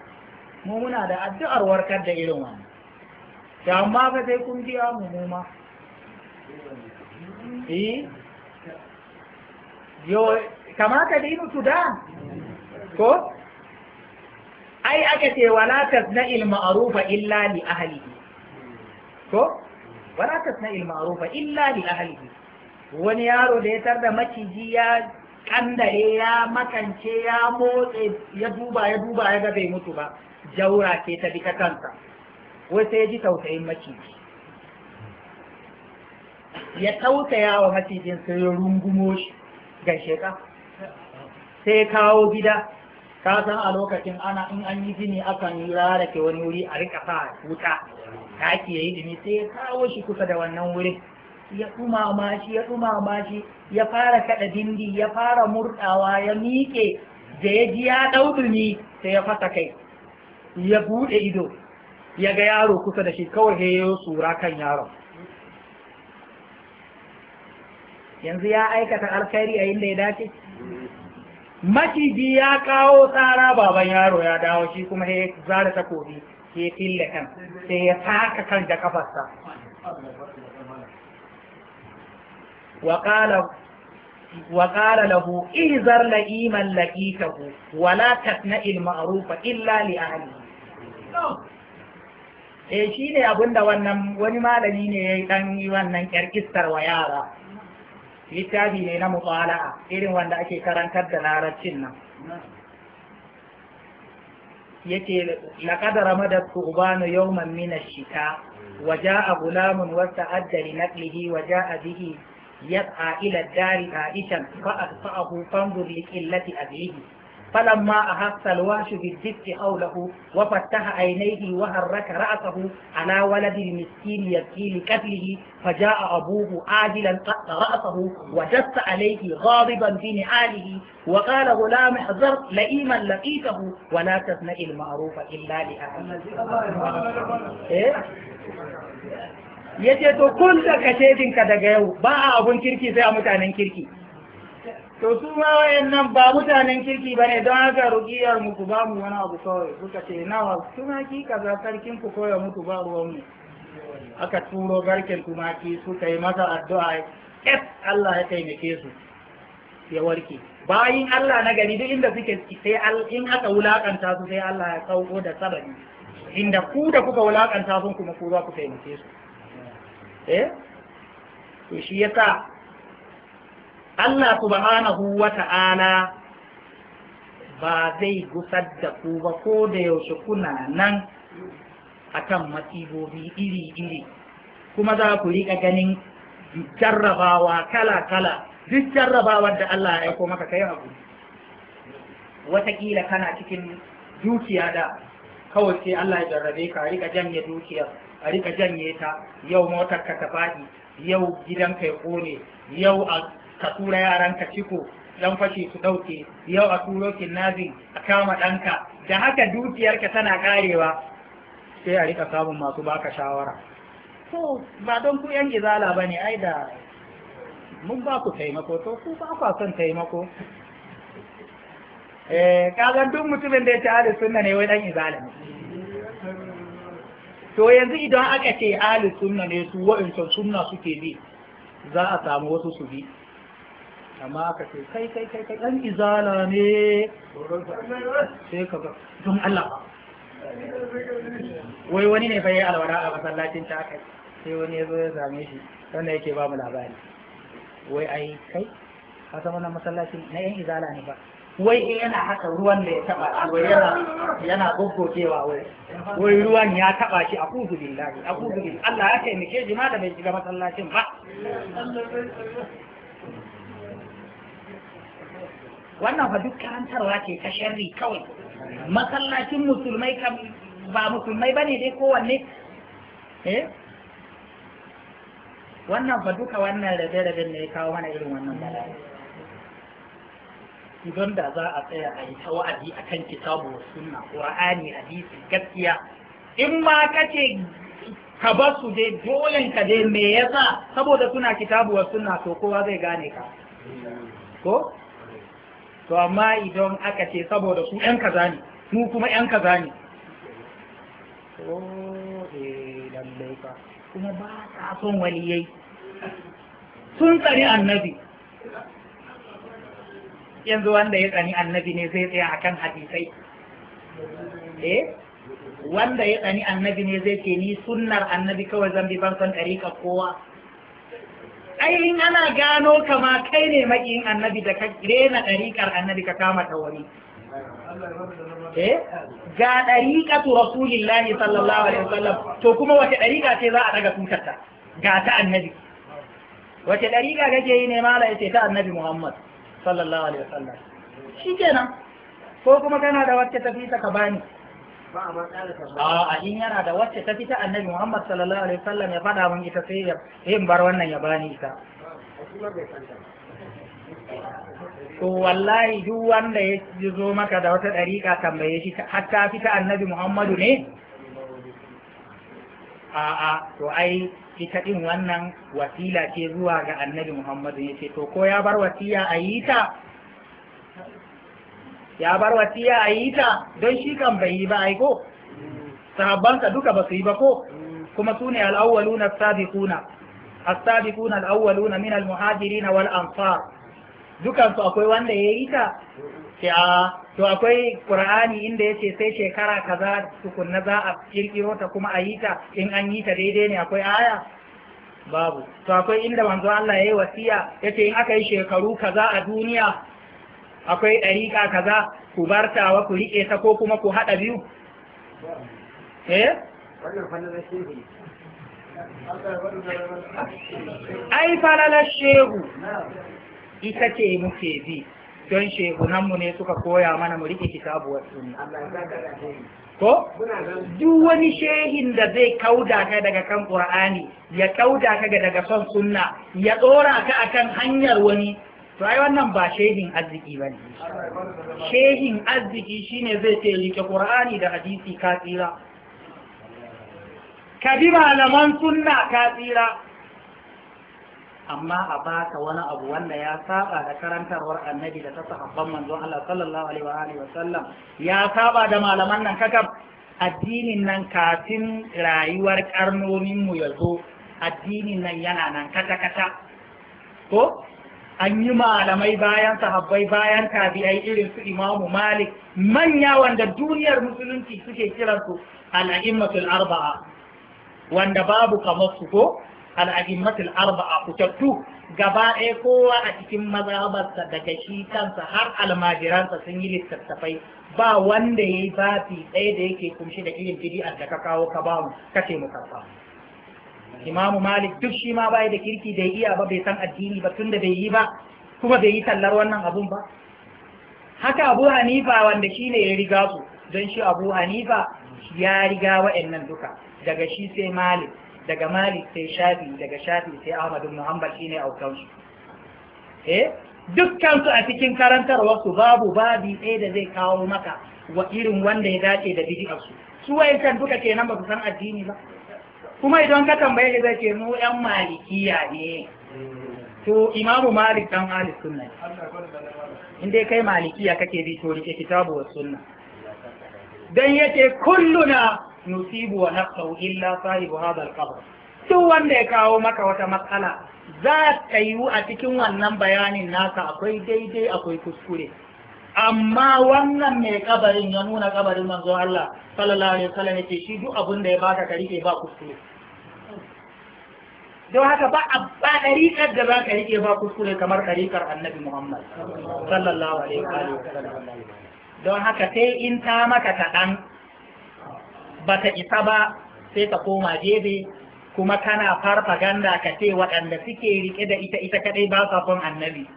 mu muna da addu'ar warkar da irin wannan da amma fa dai kun ji mu mu ma eh yo kamata da mutu da? ko ai aka ce wala tasna'il ma'rufa illa li ahlihi ko wala ilmaru ma'rufa illa li ahlihi wani yaro da ya tar da maciji ya kandare ya makance ya motse ya duba ya duba ya ga bai mutu ba jaura ce ta bi ta kansa wai sai ya ji tausayin maciji ya tausaya wa macijin sai ya rungumo shi gaishe sheka sai kawo gida ka san a lokacin ana in an yi gini akan yi rarake wani wuri a rika sa wuta ta ya yi dumi sai ya kawo shi kusa da wannan wurin ya ɗumama shi ya ɗumama shi ya fara kaɗa dindi ya fara murɗawa ya miƙe da ya ji ya ɗau dumi sai ya fasa kai ya buɗe ido ya ga yaro kusa da shi kawai ya yi tsura kan yaron yanzu ya aikata alkhairi a inda ya dace maciji ya kawo tsara baban yaro ya dawo shi kuma ya zara takobi sai ya fille kan sai ya taka kan da kafarsa وقال له احذر لئيما لقيته ولا تثنى المعروف الا لاهله eh shi ne abin wannan wani malami ne ya yi ɗan yi wannan kyarkistar wa yara littafi ne na mutsala'a irin wanda ake karantar da larabcin nan yake laqad ramada tu'banu yawman min ash-shita Waje a gulamun wasta'adda na naqlihi waje a bihi yas'a ila ad-dari aishan fa asfa'ahu fanzur li qillati فلما أحس الواش بالجد حوله وفتح عينيه وحرك رأسه على ولد المسكين يبكي لكفله فجاء أبوه عاجلا قط رأسه وجس عليه غاضبا في نعاله وقال غلام احذر لئيما لقيته ولا تصنع المعروف إلا لأهله إيه؟ يجد كل كشيء kun باع أبو كيركي زي ba كيركي to su ma wayannan ba mutanen kirki ba ne don haka rukiyar muku ba mu wani abu kawai suka ce nawa tumaki kaza sarkin ku koya muku ba ruwan mu aka turo garken tumaki suka yi masa addu'a es Allah ya taimake su ya warke bayan Allah na gari duk inda suke sai in aka wulakanta su sai Allah ya sauko da sabani inda ku da kuka wulakanta sun kuma ku za ku taimake su eh to shi yasa Allah subhanahu wa ta'ala ba zai gusar da ku ba ko da yaushe kuna nan akan matsibobi iri-iri kuma za ku riƙa ganin jarrabawa kala-kala duk jarrabawar da Allah ya aiko maka kai abu wataƙila kana cikin dukiya da kawai sai Allah ya jarrabe ka a riƙa janye dukiyar a riƙa janye ta yau motar ka ta faɗi yau gidan kai ya ƙone yau a ka tura yaranka ciko dan fashi su ɗauke yau a turo kinnazin a kama ɗanka da haka dukiyarka tana karewa. sai a rika samun masu baka shawara to ba don ku yan izala ba ne ai da mun ba ku taimako to ku ba kwa son taimako eh kagan duk mutumin da ya ci ahlus sunna ne wai dan izala ne to yanzu idan aka ce ahlus sunna ne su wa'in sunna suke bi za a samu wasu su bi amma ka ce kai kai kai kai dan izala ne sai ka ga don Allah wai wani ne fa yayi alwara a masallacin ta kai sai wani ya zo ya same shi wanda yake ba mu labari wai ai kai ka san wannan masallaci na yan izala ne ba wai in eh, yana haka ruwan da ya taba alwai yana yana goggogewa wai wai ruwan ya taba shi a a'udhu billahi a'udhu billahi Allah ya taimake shi ma da bai shiga masallacin ba wannan fa duk karantarwa ce ta sharri kawai masallacin musulmai kam ba musulmai bane dai kowanne eh wannan fa duka wannan rabe-rabe ne ya kawo mana irin wannan bala'i idan da za a tsaya a yi ta wa'azi a kan kitabu wa sunna qur'ani hadisi gaskiya in ma kace ka ba su dai dole ka dai me yasa saboda suna kitabu wa sunna to kowa zai gane ka ko to amma idan aka ce saboda su yan kaza ne mu kuma yan kaza ne eh, kuma ba ta son waliyai sun tsari annabi yanzu wanda ya tsani annabi ne zai tsaya akan hadisai eh wanda ya tsani annabi ne zai ce ni sunnar annabi kawai zan bi ban san ɗariƙa kowa ainihin ana gano kama kai ne makin annabi da ka rena dariƙar annabi ka kama ta wani eh? ga ɗariƙatu rasulillahi sallallahu alaihi wasallam to kuma wace ɗariƙa ce za a daga ta, ga ta annabi wace ɗariƙa kake yi ne mala yace ta annabi muhammad sallallahu alaihi wasallam shikenan ko kuma kana da wacce tafi ta ka bani a in yana da wacce ta fita annabi Muhammad sallallahu alaihi wasallam ya faɗa mun ita sai ya yin bar wannan ya bani ita to wallahi duk wanda ya zo maka da wata ɗariƙa tambaye shi hatta fita annabi Muhammadu ne a a to ai ita ɗin wannan wasila ce zuwa ga annabi Muhammadu ne ce to ko ya bar wasiya a yi ta ya bar wasiya a yi ta don shi kan bai yi ba aiko sahabbansa duka ba su yi ba ko kuma su ne al'awwaluna sabikuna! sabiquna as-sabiquna minal min al wal ansar dukan akwai wanda ya yi ta ce a to akwai qur'ani inda yace sai shekara kaza tukunna za a kirkiro ta kuma a yi ta in an yi ta daidai ne akwai aya babu to akwai inda manzo Allah ya yi wasiya yace in aka yi shekaru kaza a duniya akwai ɗariƙa kaza ku bartawa ku riƙe ta ko kuma ku haɗa biyu eh ai falalar shehu ita ce muke bi don mu ne suka koya mana mu riƙe kitabuwar ne. ko duk wani shehin da zai kauda ka daga kan qur'ani ya kauda ka daga son sunna ya tsora ka akan hanyar wani to ai wannan ba shehin arziki ba ne shehin arziki shine zai ce rike qur'ani da hadisi ka tsira ka bi malaman sunna ka tsira amma a baka wani abu wanda ya saba da karantarwar annabi da ta sahabban manzo Allah sallallahu alaihi wa sallam ya saba da malaman nan kakab addinin nan kafin rayuwar karnonin mu ya zo addinin nan yana nan kata kata ko an yi malamai bayan sahabbai bayan tabi'ai irin su imamu malik manya wanda duniyar musulunci suke kiransu al'a'immatul arba'a wanda babu kamar su ko al'a'immatul arba'a fitattu gaba ɗaya kowa a cikin mazhabarsa daga shi kansa har almajiransa sun yi littattafai ba wanda ya yi babi ɗaya da yake kumshi da irin bidi'ar da ka kawo ka bamu kace mu karfa imamu malik duk shi ma bai da kirki bai iya ba bai san addini ba tunda bai yi ba kuma bai yi tallar wannan abun ba haka abu hanifa wanda shi ne ya riga su don shi abu hanifa ya riga wa'annan duka daga shi sai malik daga malik sai shafi daga shafi sai ahmad ibn hanbal shine aukan shi eh dukkan su a cikin karantar su babu babi ɗaya da zai kawo maka wa irin wanda ya dace da bid'a su su wayancan duka kenan ba su san addini ba kuma idan ka tambaye shi zai ce mu yan malikiya ne to imamu malik dan ahli sunna in dai kai malikiya kake bi to rike kitabu wa sunna dan yace kulluna nusibu wa naqau illa sahibu hadha al-qabr wanda ya kawo maka wata matsala za ta yiwu a cikin wannan bayanin nasa akwai daidai akwai kuskure amma wannan mai kabarin ya nuna kabarin manzo Allah sallallahu alaihi wasallam yace shi duk abin da ya baka ka rike ba kuskure don haka ba abba dariƙar da za ka rike ba kuskure kamar dariƙar annabi Muhammad sallallahu alaihi wasallam don haka sai in ta maka kaɗan ba ta isa ba sai ka koma jebe kuma kana farfaganda ka ce waɗanda suke rike da ita ita kadai ba sa son annabi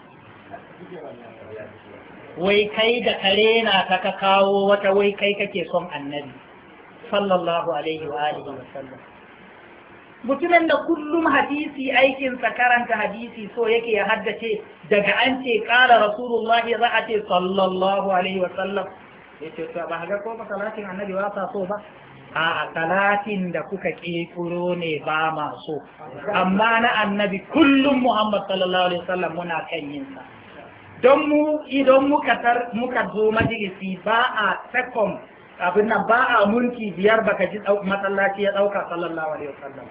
wai kai da kare na ta ka kawo wata wai kai kake son annabi sallallahu alaihi wa alihi wa sallam mutumin da kullum hadisi aikinsa karanta hadisi so yake ya haddace daga an ce kara rasulullah za a ce sallallahu alaihi wa sallam ya ce ba ga ko masalatin annabi ba ta so ba a talatin da kuka ƙefuro ne ba ma so, amma na annabi kullum muhammad sallallahu alaihi wasallam muna kan yinsa don mu idan muka tar muka zo majalisi ba a second abin nan ba a mulki biyar baka ji masallaci ya dauka sallallahu alaihi wasallam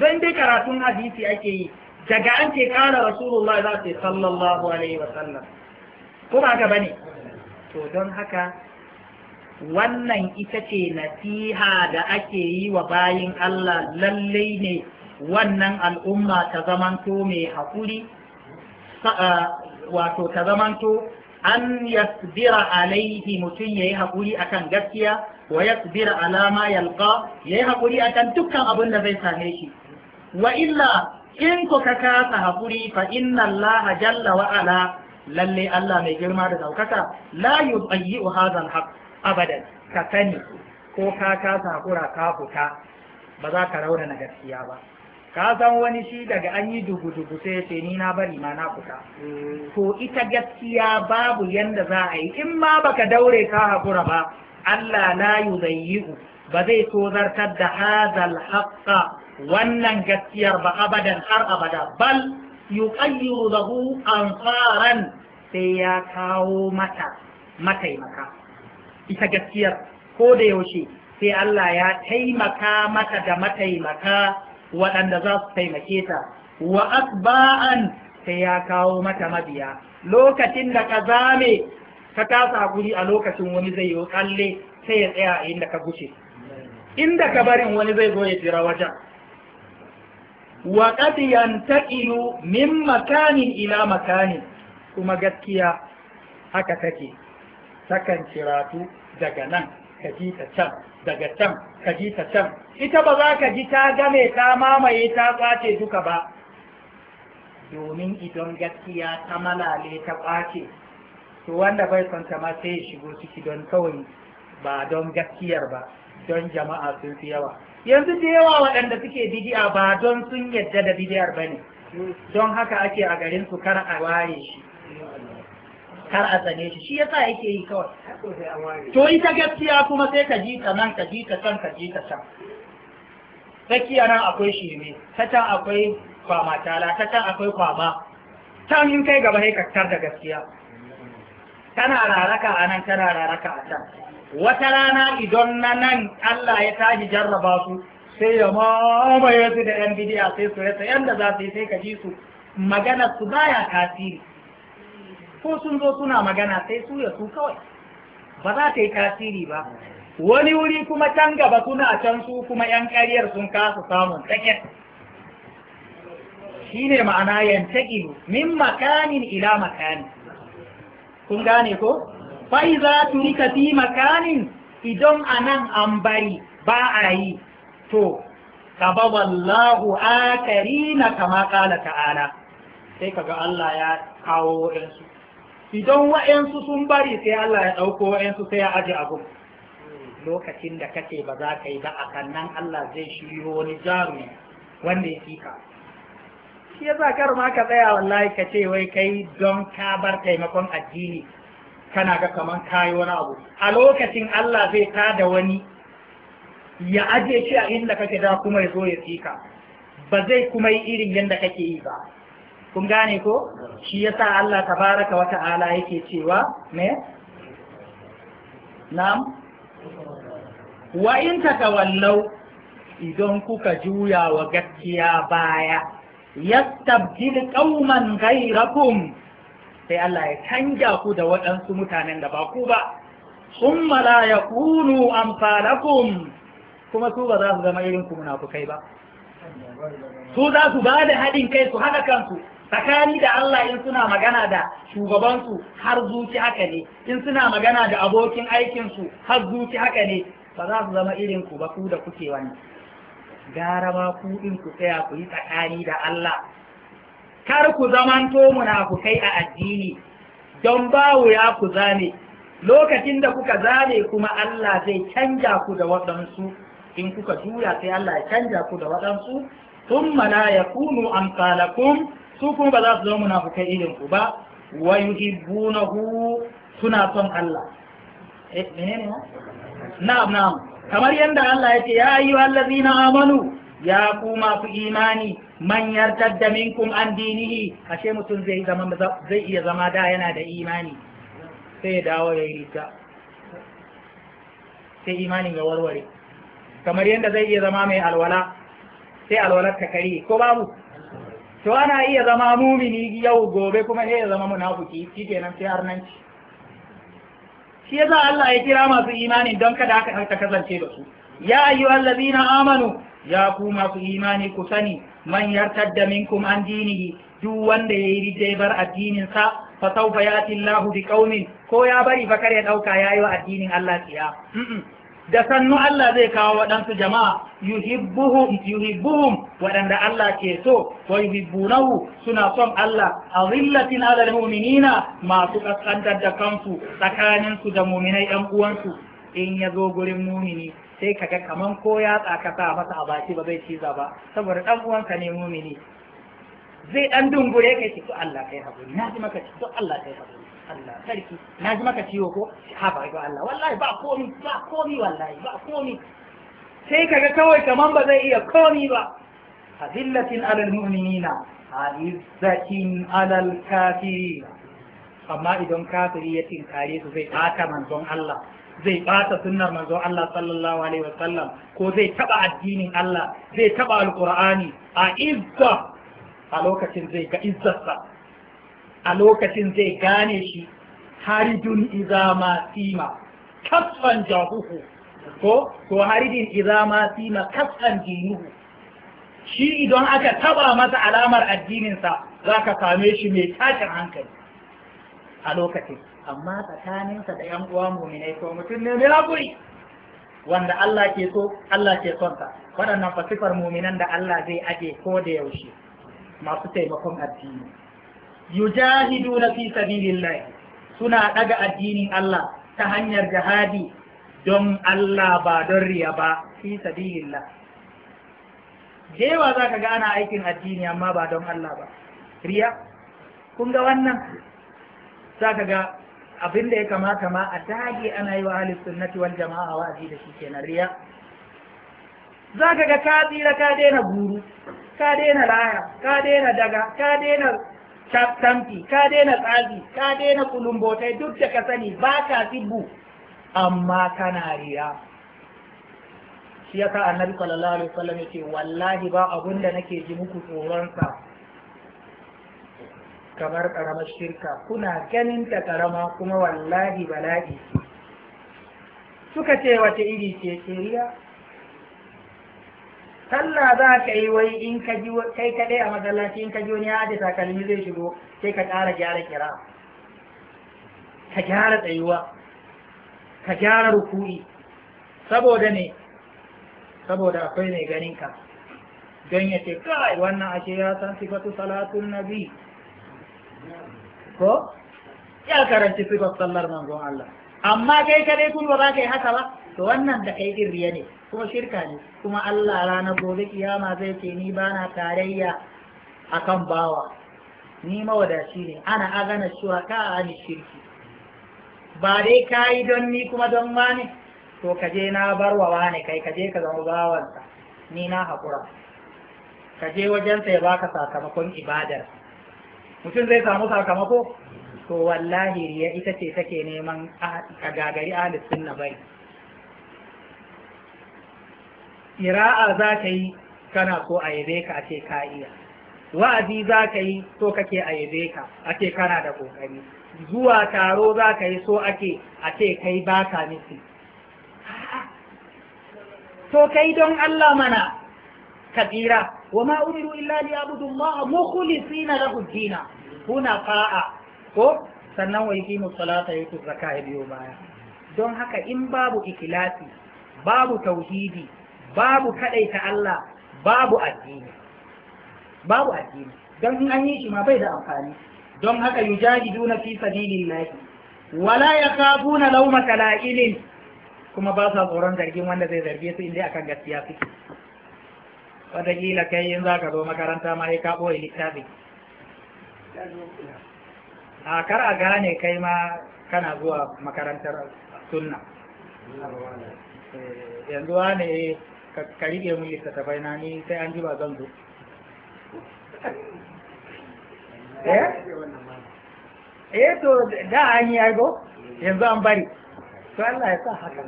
don dai karatun hadisi ake yi daga an ce kana rasulullahi za ce sallallahu alaihi wasallam ko ba ga bane to don haka wannan ita ce nasiha da ake yi wa bayin Allah lallai ne wannan al'umma ta zamanto mai haƙuri wato ta zamanto an yasbira alaihi mutum ya yi haƙuri akan gaskiya wa yasbira alama yalqa ya yi haƙuri akan dukkan abin da zai same shi wa illa in ku ka kasa haƙuri fa inna Allah jalla wa ala lalle Allah mai girma da daukaka la yudayyi'u hadha al-haq abadan ka sani ko ka kasa haƙura ka fita ba za ka raunana gaskiya ba ka san wani shi daga an yi dubu-dubu, sai ce ni na bari ma na kuta. Mm. to ita gaskiya babu yanda za a yi in ma baka daure ka haƙura ba Allah la yuzayyi'u ba zai tozartar da hazal haqqa wannan gaskiyar ba abadan har abada bal yuqayyiru lahu ansaran sai ya kawo mata mataimaka ita gaskiyar ko da yaushe sai Allah ya taimaka mata da mataimaka waɗanda za su taimake ta wa asba'an sai ya kawo mata mabiya lokacin da ka zame ka kasa hakuri a lokacin wani zai yi kalle sai ya tsaya a inda ka guce inda ka barin wani zai zo ya jira wajen wa qad yantaqilu min makanin ila makanin kuma gaskiya haka take takan ciratu daga nan ka ji ta can daga can ka ji ta can ita ba za ka ji ta game ta mamaye ta kwace duka ba domin idan gaskiya ta malale ta kwace to wanda bai son ta ma sai ya shigo ciki don kawai ba don gaskiyar ba don jama'a sun fi yawa yanzu da yawa waɗanda suke bidiya ba don sun yadda da bidiyar ba ne don haka ake a garin su kar a ware shi kar a tsane shi shi ya sa yake yi kawai to ita gaskiya kuma sai ka ji ta nan ka ji ta can ka ji ta can tsakiya nan akwai shirme ta can akwai kwama tala ta can akwai kwama can in kai gaba haikattar da gaskiya tana raraka a nan tana raraka a can wata rana idan na nan Allah ya tashi jarraba su sai ya mamaye su da yan bidiya sai su rasa yanda za su yi sai ka ji su Maganar su baya tasiri ko sun zo suna magana sai su ya su kawai ba za ta yi tasiri ba wani wuri kuma can gaba suna can su kuma yan ƙaryar sun kasa samun tsakiyar shi ne ma'ana yantaƙilu min makanin ila makani kun gane ko fai za tu rika fi makanin idan anan an bari ba a yi to kaba wallahu akari na kama kala ta'ala sai kaga Allah ya kawo waɗansu idan wa'yansu sun bari sai Allah ya ɗauko wa'yansu sai ya aji abu lokacin da kake ba za ka yi ba a kannan Allah zai shiryo wani jarumi wanda ya fika shi ya sa kar ma ka tsaya wallahi ka ce wai kai don ka bar taimakon addini kana ga kaman yi wani abu a lokacin Allah zai da wani ya aje shi a inda kake da kuma ya zo ya fika ba zai kuma yi irin yadda kake yi ba kun gane ko shi ya sa Allah baraka wata ala yake cewa ne nam wa in takawallau idan kuka juya wa gaskiya baya yastabdil qauman ghayrakum sai Allah ya canja ku da waɗansu mutanen da ba ku ba summa la yakunu amsalakum kuma su ba za su zama irin ku kai ba su za su ba da haɗin kai su haɗa kansu tsakani da Allah in suna magana da shugabansu har zuci haka ne in suna magana da abokin aikinsu har zuci haka ne ba za su zama irin ku ba ku da kuke wani gara ma ku in ku tsaya ku yi tsakani da Allah kar ku zamanto munafukai a addini don bawu ya ku zame lokacin da kuka zame kuma Allah zai canja ku da waɗansu in kuka juya sai Allah ya canja ku da waɗansu ثم لا يكونوا أمثالكم su kuma ba za su zama munafukai irin ku ba wa yuhibbunahu suna son Allah eh menene Na na na'am kamar yadda Allah ya ce ya amanu ya ku fi imani man yartadda minkum an dinihi ashe mutum zai zama zai iya zama da yana da imani sai dawo ya yi ta sai imanin ya warware kamar yadda zai iya zama mai alwala sai alwalar ta kare ko babu to ana iya zama mumini yau gobe kuma sai ya zama munafiki shikenan sai har ci. shi yasa Allah ya kira masu imani don kada aka ta kasance da su ya ayu allazina amanu ya ku masu imani ku sani man yartadda minkum an dinihi duk wanda yayi rijai bar addinin sa fa sawfa yati Allahu bi qaumin ko ya bari fa kare dauka yayi addinin Allah tiya da sannu Allah zai kawo waɗansu jama'a yuhibbuhum yuhibbuhum waɗanda Allah ke so wa yuhibbunahu suna son Allah A azillatin ala muminina masu kaskantar da kansu tsakanin su da mu'minai ɗan uwansu in ya zo gurin mumini sai kaga kaman ko ya tsaka sa masa a baki ba zai ciza ba saboda ɗan uwanka ne mumini zai ɗan dungure kai ki to Allah kai haƙuri na ji maka ki to Allah kai haƙuri Allah sarki na ji maka ciwo ko ha ba ga Allah wallahi ba komi ba komi wallahi ba komi sai kaga kawai kaman ba zai iya komi ba azillatin alal mu'minina alizzatin alal kafirin amma idan kafiri ya tinkare su zai ɓata manzon Allah zai ɓata sunnar manzon Allah sallallahu alaihi wa sallam, ko zai taɓa addinin Allah zai taɓa alƙur'ani a izza a lokacin zai ga izzarsa a lokacin zai gane shi haridun izama sima kasfan jahuhu ko ko haridin izama sima kasfan jinuhu shi idan aka taba masa alamar addininsa za ka same shi mai tashin hankali a lokacin amma tsakaninsa da yan uwa muminai ko mutum ne mai haƙuri wanda Allah ke so Allah ke son waɗannan fasifar muminan da Allah zai aje ko da yaushe masu taimakon addini yujahiduna fi sabilillah suna daga addinin Allah ta hanyar jihadi don Allah ba don riya ba fi sabilillah jewa zaka ga ana aikin addini amma ba don Allah ba riya kun ga wannan zaka ga abin da ya kamata ma a dage ana yi wa ahli sunnati wal jama'a wa'azi da shi kenan riya zaka ga ka tsira ka daina guru ka daina laya ka daina daga ka daina tamfi ka daina tsazi ka daina kulumbotai duk da ka sani ba ka sibbu amma kana riya shi yasa annabi sallallahu alaihi wasallam ce, wallahi ba abun da nake ji muku tsoron sa kamar karamar shirka kuna ganin ta karama kuma wallahi bala'i suka ce wata iri ce riya sallah za ka yi wai in ka ji kai kaɗai a masallaci in ka ji wani ya kalmi zai shigo sai ka ƙara gyara kira ka gyara tsayuwa ka gyara ruku'i saboda ne saboda akwai mai ganin ka don ya ce kai wannan ashe ya san sifatu salatun nabi ko ya karanci sifat sallar manzon Allah amma kai kaɗai kun ba za ka yi haka ba to wannan da kai irriya ne kuma shirka ne kuma Allah ranar gobe kiyama zai ce ni bana tarayya akan bawa ni mawadaci ne ana agana cewa ka ni shirki ba dai kayi don ni kuma don ma ne? to kaje na barwa wani kai kaje ka zama bawansa ni na haƙura kaje wajensa ya baka sakamakon ibadar mutum zai samu sakamako to wallahi riya ita ce take neman a gagari ahli sunna bai kira'a za ka yi kana so a yabe ka a ce iya wa'azi za ka yi so kake a yabe ka a kana da kokari zuwa taro za ka yi so ake a ce kai ba ka nufi to kai don Allah mana kabira wa ma umiru illa li abudu Allah mukhlisina lahu dina kuna fa'a ko sannan wa yuqimu salata yutu zakata biyo baya don haka in babu ikhlasi babu tauhidi babu kadai ta Allah babu addini babu addini don in an yi shi ma bai da amfani don haka yujahiduna fi sabilillahi wala yakabuna lauma kala'ilin. kuma ba sa tsoron zargin wanda zai zarge su inda akan gaskiya su wataƙila kai yin ka zo makaranta ma ya kaɓo ya littafi a kar a gane kai ma kana zuwa makarantar sunna eh, yanzu wane eh, ka rike mun littattafai na ni sai an ji ba zan zo eh? eh to da an yi aigo yanzu an bari to Allah ya sa haka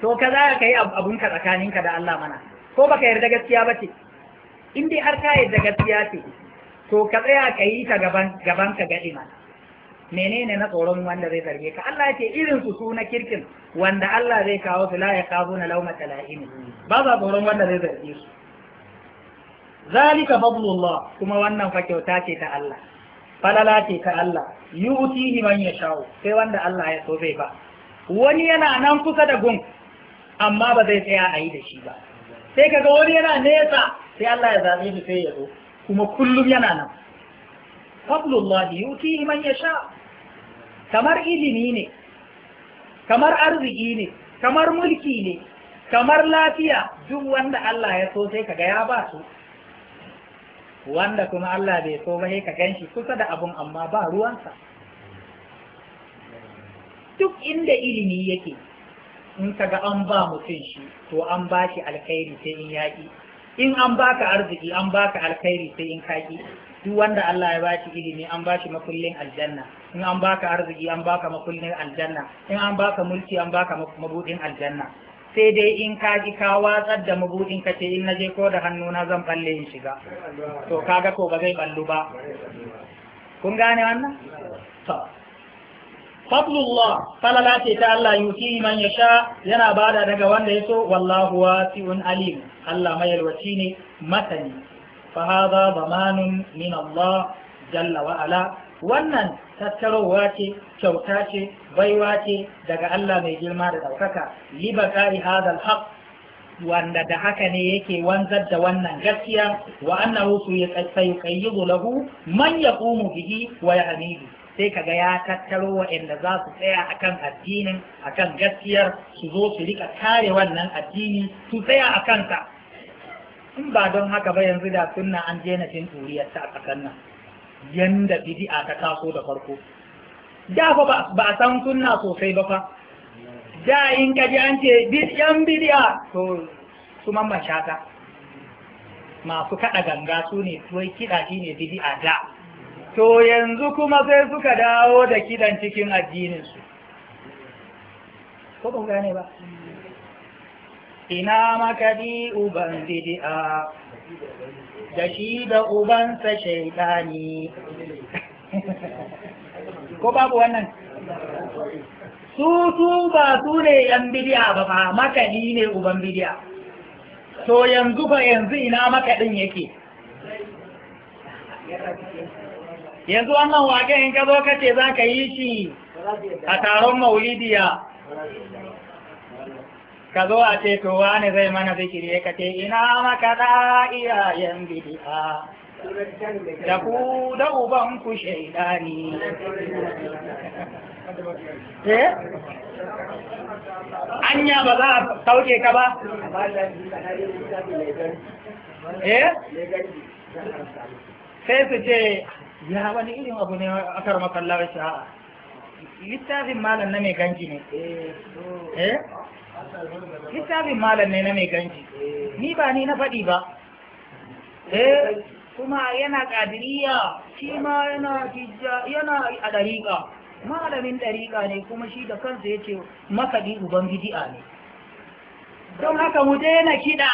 to ka za ka yi abun ka tsakanin ka da Allah mana ko baka yarda gaskiya ba ce in dai har ka yarda gaskiya ce to ka tsaya ka yi ta gaban ka ga imani menene na tsoron wanda zai zarge ka Allah ya ce irin su su na kirkin wanda Allah zai kawo su la ya kawo na lauma tala'ini ba za tsoron wanda zai zarge su zalika fadlullah kuma wannan fa kyauta ce ta Allah falala ce ta Allah yu'tihi man ya yasha'u sai wanda Allah ya so zai ba wani yana nan kusa da gun amma ba zai tsaya a yi da shi ba sai kaga wani yana nesa sai Allah ya zabe shi sai ya zo kuma kullum yana nan fadlullah yu'tihi man ya yasha'u kamar ilimi ne kamar arziki ne kamar mulki ne kamar lafiya duk wanda Allah ya so sai kaga ya ba su wanda kuma Allah bai so ba sai ka ganshi kusa da abun amma ba ruwansa duk inda ilimi yake in kaga an ba mutum shi to an ba shi alkhairi sai in yaƙi in an baka arziki an baka alkhairi sai in kaƙi. duk wanda Allah ya ba shi ilimi an ba shi makullin aljanna in an baka arziki an baka makullin aljanna in an baka mulki an baka mabudin aljanna sai dai in ka ji ka watsar da mabudin ka ce in naje ko da hannuna zan balle in shiga to kaga ko ba zai ballu ba kun gane wannan to fadlullah falala ce ta Allah yuti man yasha yana bada daga wanda yaso wallahu wasi'un alim Allah mai yalwaci ne masani fa zamanun min Allah jalla wa ala wannan tattarowa ce kyauta ce baiwa ce daga Allah mai girma da ɗaukaka liba ƙari hadal haq wanda da haka ne yake wanzar da wannan gaskiya wa annahu su ya sayuqayyidu lahu man yaqumu bihi wa ya'midu sai kaga ya tattaro waɗanda za su tsaya akan addinin akan gaskiyar su zo su rika kare wannan addini su tsaya a kansa in ba don haka ba yanzu da sunna an je na cin turiyar a ƙasar nan yanda bid'a ta taso da farko da fa ba a san sunna sosai ba fa da in ka ji an ce yan bid'a to su mamman shata masu kaɗa ganga su ne tuwai kiɗa shi ne bid'a da to yanzu kuma sai suka dawo da kiɗan cikin addininsu ko ba gane ba ina makaɗi uban bid'a da shi da ubansa shaitani, ko babu wannan su su ba su ne yan bidiya ba fa makaɗi ne uban bidiya to yanzu fa yanzu ina makaɗin yake yanzu wannan waƙen in ka zo ka ce za ka yi shi a taron maulidiya ka zo a ce to wane zai mana zikiri ka ce ina maka da iyayen bid'a da ku da uban ku shaidani eh anya ba za a sauke ka ba eh sai su ce ya wani irin abu ne a karma kallon sha'a littafin malam na mai ganji ne eh littafin malam ne na mai ganci ni ba ni na faɗi ba eh kuma yana ƙadiriya shi ma yana tijja yana a ɗariƙa malamin ɗariƙa ne kuma shi da kansa ya ce makaɗi uban a ne don haka mu daina kiɗa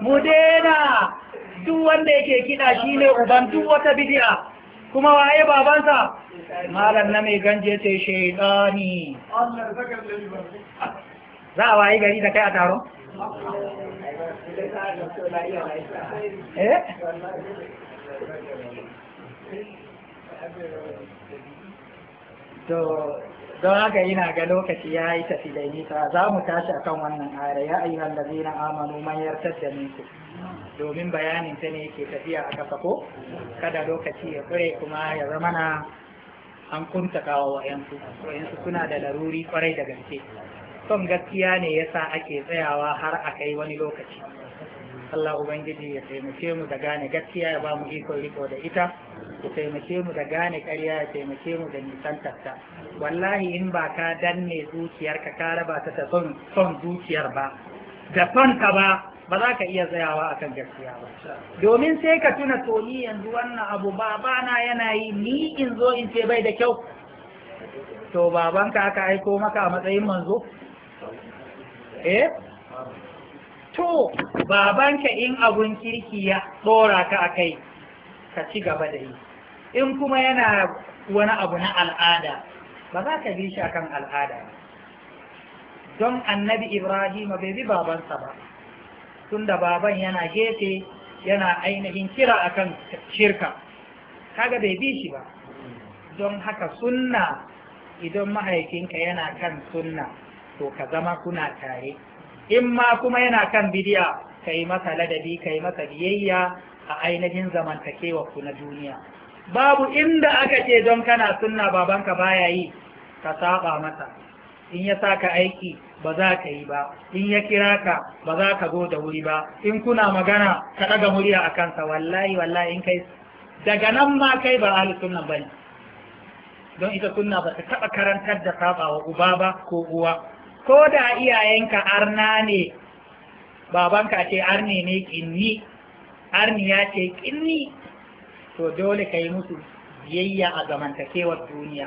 mu daina duk wanda yake kiɗa shi ne uban duk wata bidi'a kuma waye babansa malam na mai ganje ce shaidani za a wayi gari da kai a taron eh? to don haka yana ga lokaci ya yi tafi da nisa za mu tashi akan wannan ayar ya ayyuhan allazina amanu man yartadda domin bayanin ta ne yake tafiya a kafa ko kada lokaci ya kure kuma ya zama na an kuntatawa wa'yansu wa'yansu suna da laruri kwarai da gaske son gaskiya ne yasa ake tsayawa har a kai wani lokaci Allah Ubangiji ya taimake mu da gane gaskiya ya ba mu ikon riko da ita ya taimake mu da gane karya ya taimake mu da nisantarta wallahi in ba ka danne zuciyarka ka raba ta son son zuciyar ba da son ka ba ba za ka iya tsayawa akan gaskiya ba domin sai ka tuna toni yanzu wannan abu babana yana yi ni in zo in ce bai da kyau to babanka aka aiko maka a matsayin manzo eh to babanka in abun kirki ya tsora ka a kai ka ci gaba da yi in kuma yana wani abu na al'ada ba za ka bi shi kan al'ada don annabi ibrahim bai bi babansa ba tunda baban yana gefe yana ainihin kira akan shirka kaga bai bi shi ba don haka sunna idan mahaifinka yana kan sunna to ka zama kuna tare in ma kuma yana kan bidiya ka yi masa ladabi ka yi masa biyayya a ainihin zamantakewa ku na duniya babu inda aka ce don kana sunna babanka baya yi ka saba masa in ya saka aiki ba za ka yi ba in ya kira ka ba za ka zo da wuri ba in kuna magana ka ɗaga murya a kansa wallahi wallahi in kai daga nan ma kai ba ahli sunna ba ne don ita sunna ba ta taɓa karantar da wa uba ba ko uwa ko da iyayenka arna ne babanka ce arne ne kinni ya ce kinni to dole ka yi musu biyayya a zamantakewar duniya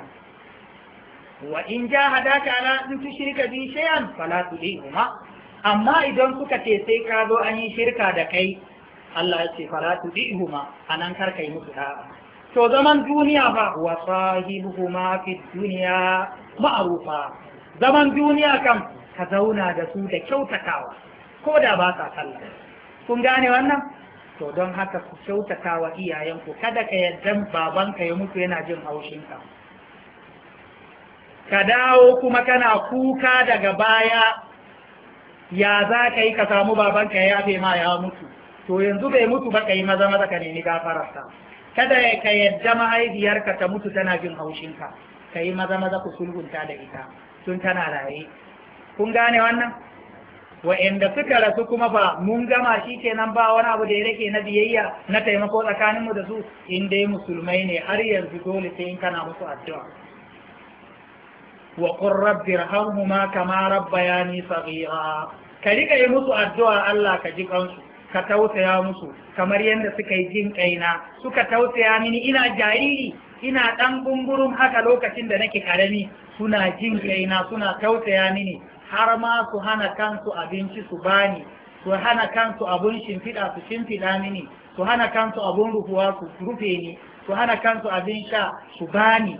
wa in ka ala tu shirka bi shay'an fala huma amma idan suka ce sai ka zo an yi shirka da kai Allah ya ce fala huma anan kar kai musu da to zaman duniya ba wa sahibuhuma fi duniya ma'rufa zaman duniya kam ka zauna da su da kyautatawa ko da ba ka sallah kun gane wannan to don haka ku kyautatawa iyayenku kada ka yadda babanka ya mutu yana jin haushinka ka dawo kuma kana kuka daga baya ya za ka yi ka samu babanka ya fi ma ya mutu to yanzu bai mutu ba ka yi maza maza ka nemi gafararsa kada ka yadda mahaifiyarka ta mutu tana jin haushinka ka yi maza maza ku sulhunta da ita tun tana raye kun gane wannan wa'anda suka rasu kuma ba mun gama shi kenan ba wani abu da ya rage na biyayya na taimako tsakaninmu da su in dai musulmai ne har yanzu dole sai in kana musu addu'a wa qur rabbi irhamhuma kama rabbayani saghira ka rika yi musu addu'a Allah ka ji kansu ka tausaya musu kamar yadda suka yi jin kaina suka tausaya mini ina jariri ina ɗan bungurum haka lokacin da nake karami suna jin kaina suna tausaya mini har ma su hana kansu abinci su bani su hana kansu abun shimfiɗa su shimfiɗa mini su hana kansu abun su rufe ni su hana kansu abin sha su bani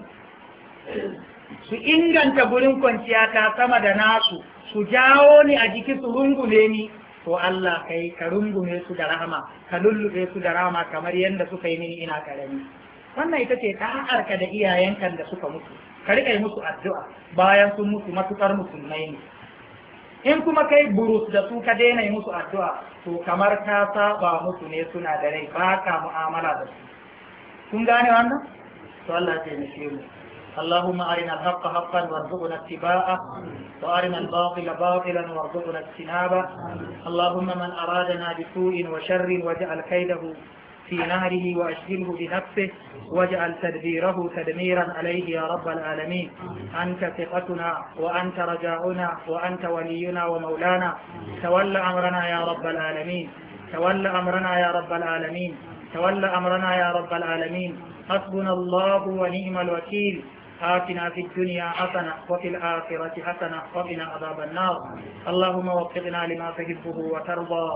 su inganta gurin kwanciya ta sama da nasu su jawo ni a jiki su rungume ni to Allah kai ka rungume su da rahama ka lullube su da rahama kamar yadda suka yi mini ina karami wannan ita ce ta'arka da iyayenka da suka mutu ka riƙa musu addu'a bayan sun mutu matuƙar musulmai ne in kuma kai burus da su ka daina yi musu addu'a to kamar ka saba musu ne suna da rai ba ka mu'amala da su kun gane wannan to Allah ya taimake mu اللهم أرنا الحق حقا وارزقنا اتباعه وأرنا الباطل باطلا وارزقنا اجتنابه اللهم من أرادنا بسوء وشر واجعل كيده في نهره وأشغله بنفسه واجعل تدبيره تدميرا عليه يا رب العالمين أنت ثقتنا وأنت رجاؤنا وأنت ولينا ومولانا تول أمرنا يا رب العالمين تول أمرنا يا رب العالمين تول أمرنا يا رب العالمين حسبنا الله ونعم الوكيل آتنا في الدنيا حسنة وفي الآخرة حسنة وقنا عذاب النار اللهم وفقنا لما تحبه وترضى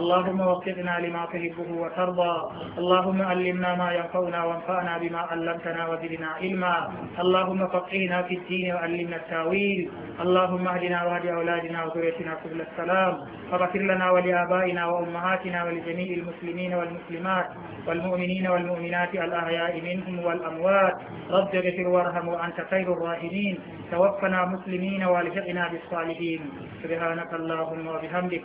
اللهم وفقنا لما تحبه وترضى اللهم علمنا ما ينفعنا وانفعنا بما علمتنا وزدنا علما اللهم فقهنا في الدين وعلمنا التاويل اللهم اهدنا واهد اولادنا وذريتنا سبل السلام واغفر لنا ولابائنا وامهاتنا ولجميع المسلمين والمسلمات والمؤمنين والمؤمنات الاحياء منهم والاموات رب اغفر وارحم وانت خير الراحمين توفنا مسلمين والحقنا بالصالحين سبحانك اللهم وبحمدك